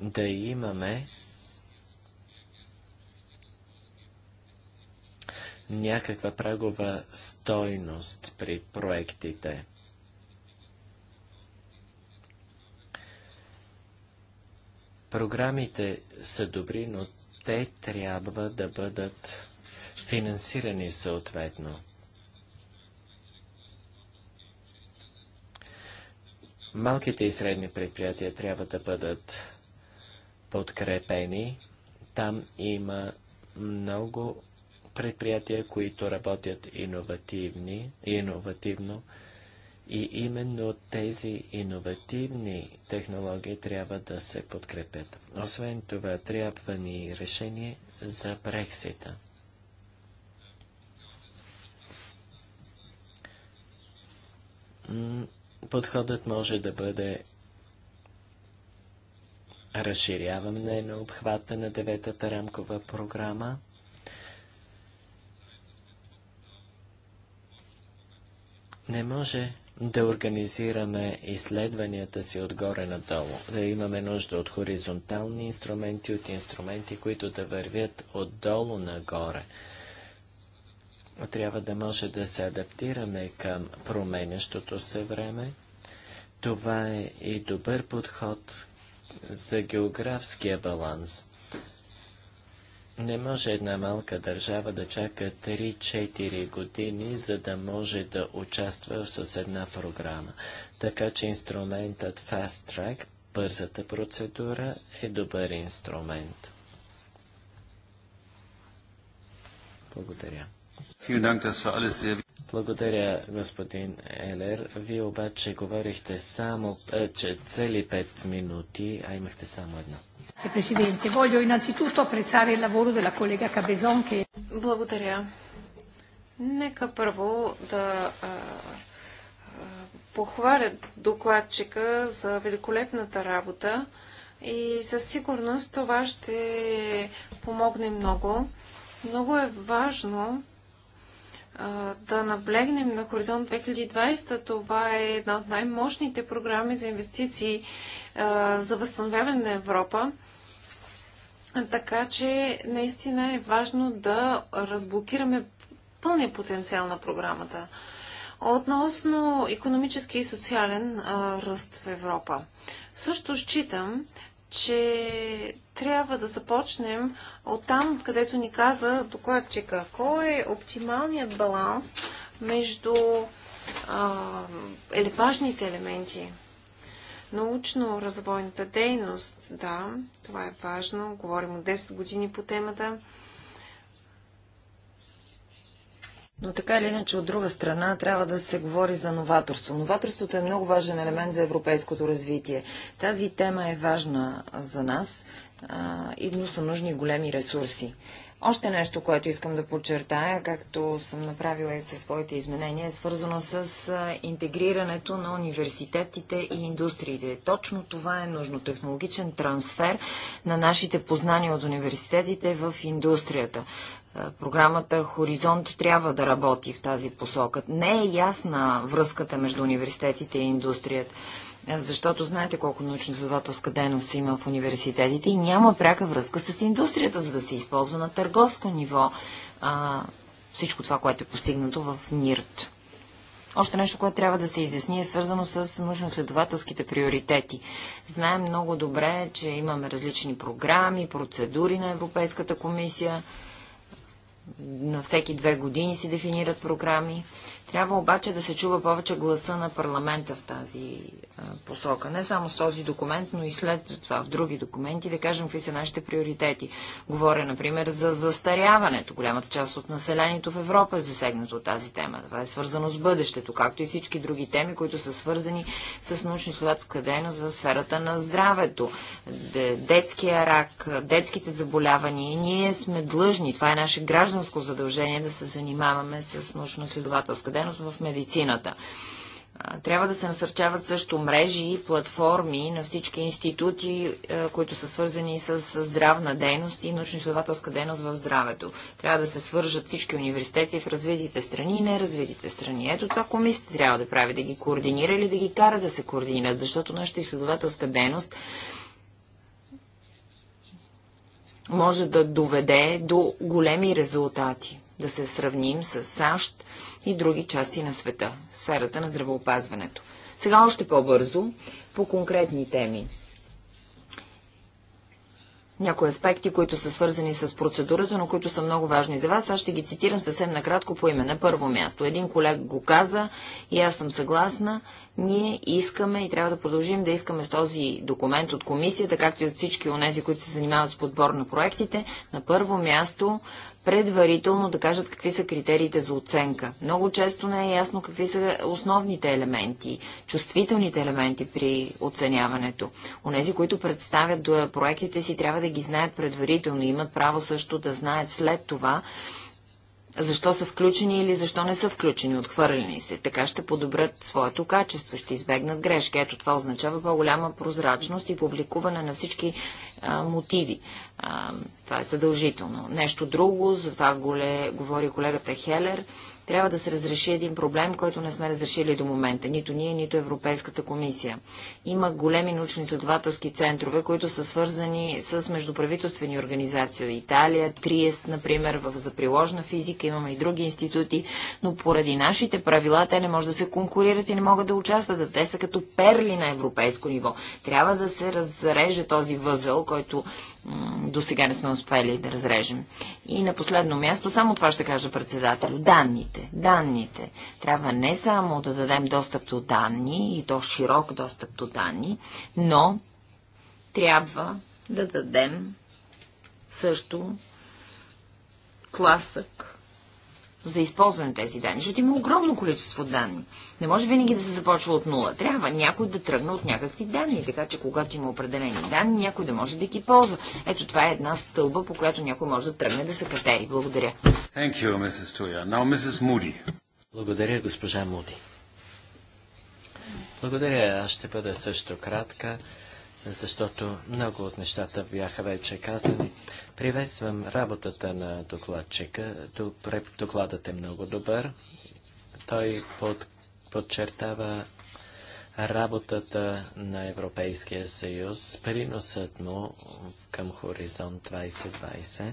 да имаме някаква прагова стойност при проектите. Програмите са добри, но те трябва да бъдат финансирани съответно. Малките и средни предприятия трябва да бъдат подкрепени. Там има много предприятия, които работят иновативно. И именно тези иновативни технологии трябва да се подкрепят. Освен това, трябва ни решение за Брексита. Подходът може да бъде разширяване на обхвата на деветата рамкова програма. Не може да организираме изследванията си отгоре надолу, да имаме нужда от хоризонтални инструменти, от инструменти, които да вървят отдолу нагоре. Трябва да може да се адаптираме към променящото се време. Това е и добър подход за географския баланс. Не може една малка държава да чака 3-4 години, за да може да участва с една програма. Така че инструментът Fast Track, бързата процедура, е добър инструмент. Благодаря. Благодаря, господин Елер. Вие обаче говорихте само че цели 5 минути, а имахте само едно. Presidente, voglio innanzitutto apprezzare il lavoro della collega Cabezon che... Благодаря. Нека първо да а, похваля докладчика за великолепната работа и със сигурност това ще помогне много. Много е важно а, да наблегнем на Хоризонт 2020. Това е една от най-мощните програми за инвестиции а, за възстановяване на Европа. Така че наистина е важно да разблокираме пълния потенциал на програмата. Относно економически и социален а, ръст в Европа. Също считам, че трябва да започнем от там, където ни каза докладчика. Кой е оптималният баланс между а, е важните елементи? Научно-развойната дейност, да, това е важно. Говорим от 10 години по темата. Но така или иначе, от друга страна, трябва да се говори за новаторство. Новаторството е много важен елемент за европейското развитие. Тази тема е важна за нас а, и но са нужни големи ресурси. Още нещо, което искам да подчертая, както съм направила и със своите изменения, е свързано с интегрирането на университетите и индустриите. Точно това е нужно. Технологичен трансфер на нашите познания от университетите в индустрията. Програмата Хоризонт трябва да работи в тази посока. Не е ясна връзката между университетите и индустрията защото знаете колко научно-изследователска дейност има в университетите и няма пряка връзка с индустрията, за да се използва на търговско ниво а, всичко това, което е постигнато в НИРТ. Още нещо, което трябва да се изясни, е свързано с научно-следователските приоритети. Знаем много добре, че имаме различни програми, процедури на Европейската комисия. На всеки две години си дефинират програми. Трябва обаче да се чува повече гласа на парламента в тази посока. Не само с този документ, но и след това в други документи да кажем какви са нашите приоритети. Говоря, например, за застаряването. Голямата част от населението в Европа е засегнато от тази тема. Това е свързано с бъдещето, както и всички други теми, които са свързани с научно-изследователска дейност в сферата на здравето. Детския рак, детските заболявания. Ние сме длъжни, това е наше гражданско задължение да се занимаваме с научно-изследователска дейност дейност в медицината. Трябва да се насърчават също мрежи и платформи на всички институти, които са свързани с здравна дейност и научно-изследователска дейност в здравето. Трябва да се свържат всички университети в развитите страни и неразвитите страни. Ето това комисията трябва да прави, да ги координира или да ги кара да се координират, защото нашата изследователска дейност може да доведе до големи резултати. Да се сравним с САЩ, и други части на света, в сферата на здравеопазването. Сега още по-бързо, по конкретни теми. Някои аспекти, които са свързани с процедурата, но които са много важни за вас, аз ще ги цитирам съвсем накратко по име. На първо място, един колег го каза и аз съм съгласна, ние искаме и трябва да продължим да искаме с този документ от комисията, както и от всички от тези, които се занимават с подбор на проектите, на първо място предварително да кажат какви са критериите за оценка. Много често не е ясно какви са основните елементи, чувствителните елементи при оценяването. Онези, които представят проектите си, трябва да ги знаят предварително. Имат право също да знаят след това защо са включени или защо не са включени, отхвърлени се. Така ще подобрят своето качество, ще избегнат грешки. Ето това означава по-голяма прозрачност и публикуване на всички а, мотиви. А, това е задължително. Нещо друго, за това говори колегата Хелер, трябва да се разреши един проблем, който не сме разрешили до момента, нито ние, нито Европейската комисия. Има големи научно-изследователски центрове, които са свързани с междуправителствени организации. Италия, Триест, например, в, за приложна физика, имаме и други институти, но поради нашите правила те не може да се конкурират и не могат да участват. Те са като перли на европейско ниво. Трябва да се разреже този възел, който до сега не сме успели да разрежем. И на последно място, само това ще кажа председателю. Данните данните. Данните. Трябва не само да дадем достъп до данни и то широк достъп до данни, но трябва да дадем също класък за използване на тези данни, защото има огромно количество данни. Не може винаги да се започва от нула. Трябва някой да тръгне от някакви данни, така че когато има определени данни, някой да може да ги ползва. Ето това е една стълба, по която някой може да тръгне да се катери. Благодаря. Thank you, Mrs. Tuya. Now, Mrs. Moody. Благодаря, госпожа Муди. Благодаря. Аз ще бъда също кратка защото много от нещата бяха вече казани. Приветствам работата на докладчика. Докладът е много добър. Той под, подчертава работата на Европейския съюз, приносът му към Хоризонт 2020.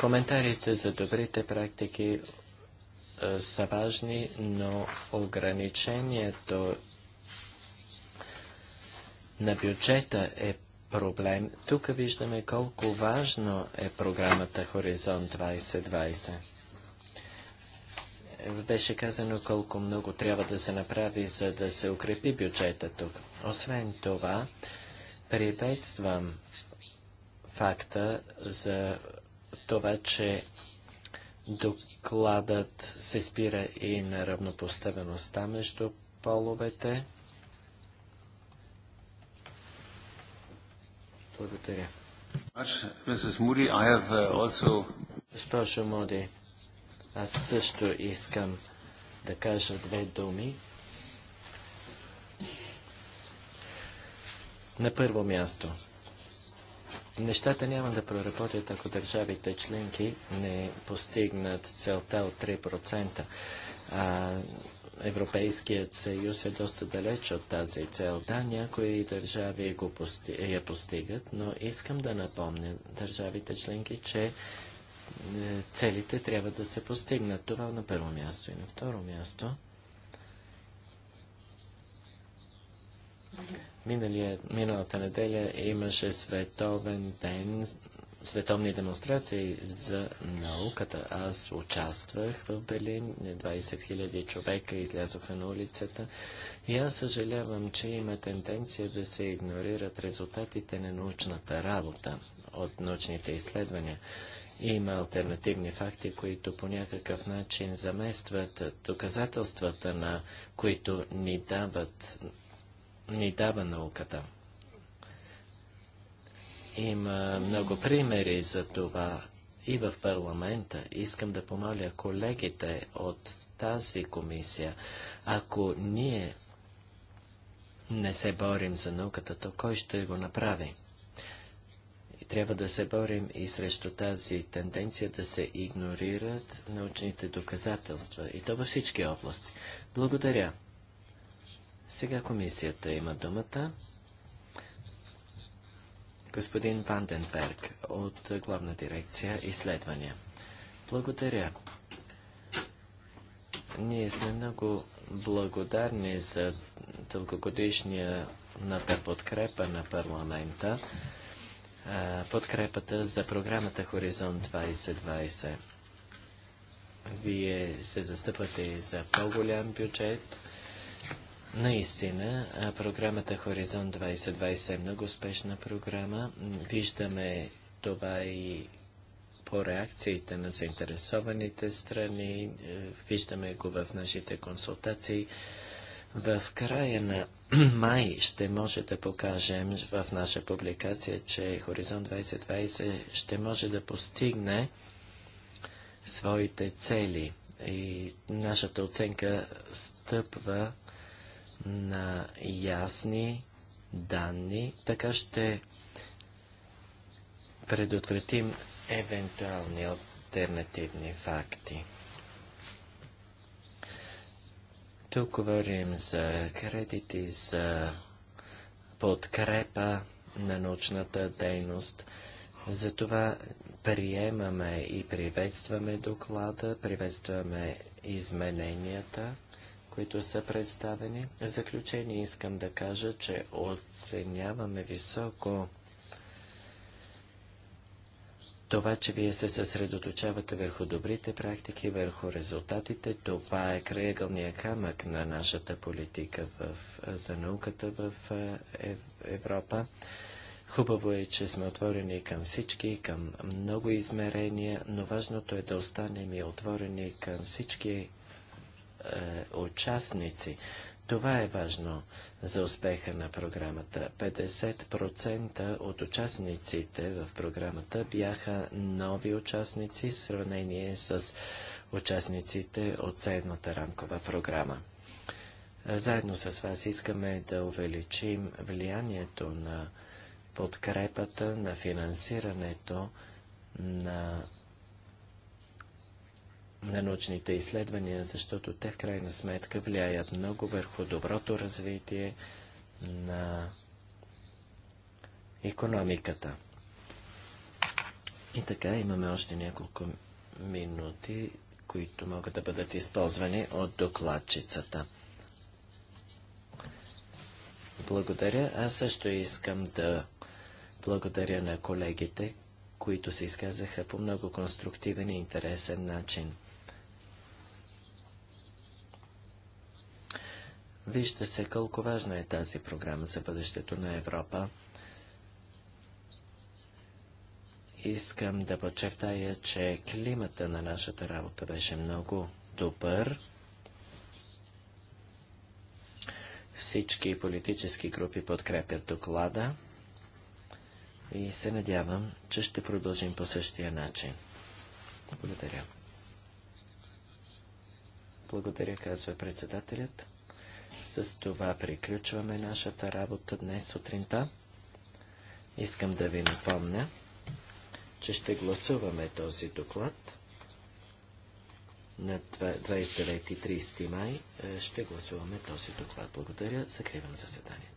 Коментарите за добрите практики е, са важни, но ограничението на бюджета е проблем. Тук виждаме колко важно е програмата Хоризонт 2020. Беше казано колко много трябва да се направи, за да се укрепи бюджета тук. Освен това, приветствам факта за това, че докладът се спира и на равнопоставеността между половете. Благодаря. Uh, Госпожо Моди, аз също искам да кажа две думи. На първо място, нещата няма да проработят, ако държавите членки не постигнат целта от 3%. А, Европейският съюз е доста далеч от тази цел. Да, някои държави го пости... я постигат, но искам да напомня държавите членки, че е, целите трябва да се постигнат. Това на първо място и на второ място. Миналия, миналата неделя имаше световен ден световни демонстрации за науката. Аз участвах в Берлин, 20 000 човека излязоха на улицата и аз съжалявам, че има тенденция да се игнорират резултатите на научната работа от научните изследвания. Има альтернативни факти, които по някакъв начин заместват доказателствата, на които ни, дават, ни дава науката. Има много примери за това и в парламента. Искам да помоля колегите от тази комисия, ако ние не се борим за науката, то кой ще го направи? И трябва да се борим и срещу тази тенденция да се игнорират научните доказателства. И то във всички области. Благодаря. Сега комисията има думата господин Ванденберг от Главна дирекция изследвания. Благодаря. Ние сме много благодарни за дългогодишния подкрепа на парламента, подкрепата за програмата Хоризонт 2020. Вие се застъпвате и за по-голям бюджет Наистина, програмата Хоризонт 2020 е много успешна програма. Виждаме това и по реакциите на заинтересованите страни. Е, виждаме го в нашите консултации. В края на май ще може да покажем в наша публикация, че Хоризонт 2020 ще може да постигне своите цели. И нашата оценка стъпва на ясни данни, така ще предотвратим евентуални альтернативни факти. Тук говорим за кредити, за подкрепа на научната дейност. Затова приемаме и приветстваме доклада, приветстваме измененията които са представени. В заключение искам да кажа, че оценяваме високо това, че вие се съсредоточавате върху добрите практики, върху резултатите, това е крайъгълният камък на нашата политика в, за науката в е, ев, Европа. Хубаво е, че сме отворени към всички, към много измерения, но важното е да останем и отворени към всички е, участници. Това е важно за успеха на програмата. 50% от участниците в програмата бяха нови участници в сравнение с участниците от седмата рамкова програма. Е, заедно с вас искаме да увеличим влиянието на подкрепата, на финансирането на на научните изследвания, защото те в крайна сметка влияят много върху доброто развитие на економиката. И така имаме още няколко минути, които могат да бъдат използвани от докладчицата. Благодаря. Аз също искам да благодаря на колегите, които се изказаха по много конструктивен и интересен начин. Вижте се колко важна е тази програма за бъдещето на Европа. Искам да подчертая, че климата на нашата работа беше много добър. Всички политически групи подкрепят доклада и се надявам, че ще продължим по същия начин. Благодаря. Благодаря, казва председателят. С това приключваме нашата работа днес сутринта. Искам да ви напомня, че ще гласуваме този доклад на 29 и 30 май. Е, ще гласуваме този доклад. Благодаря. Закривам заседание.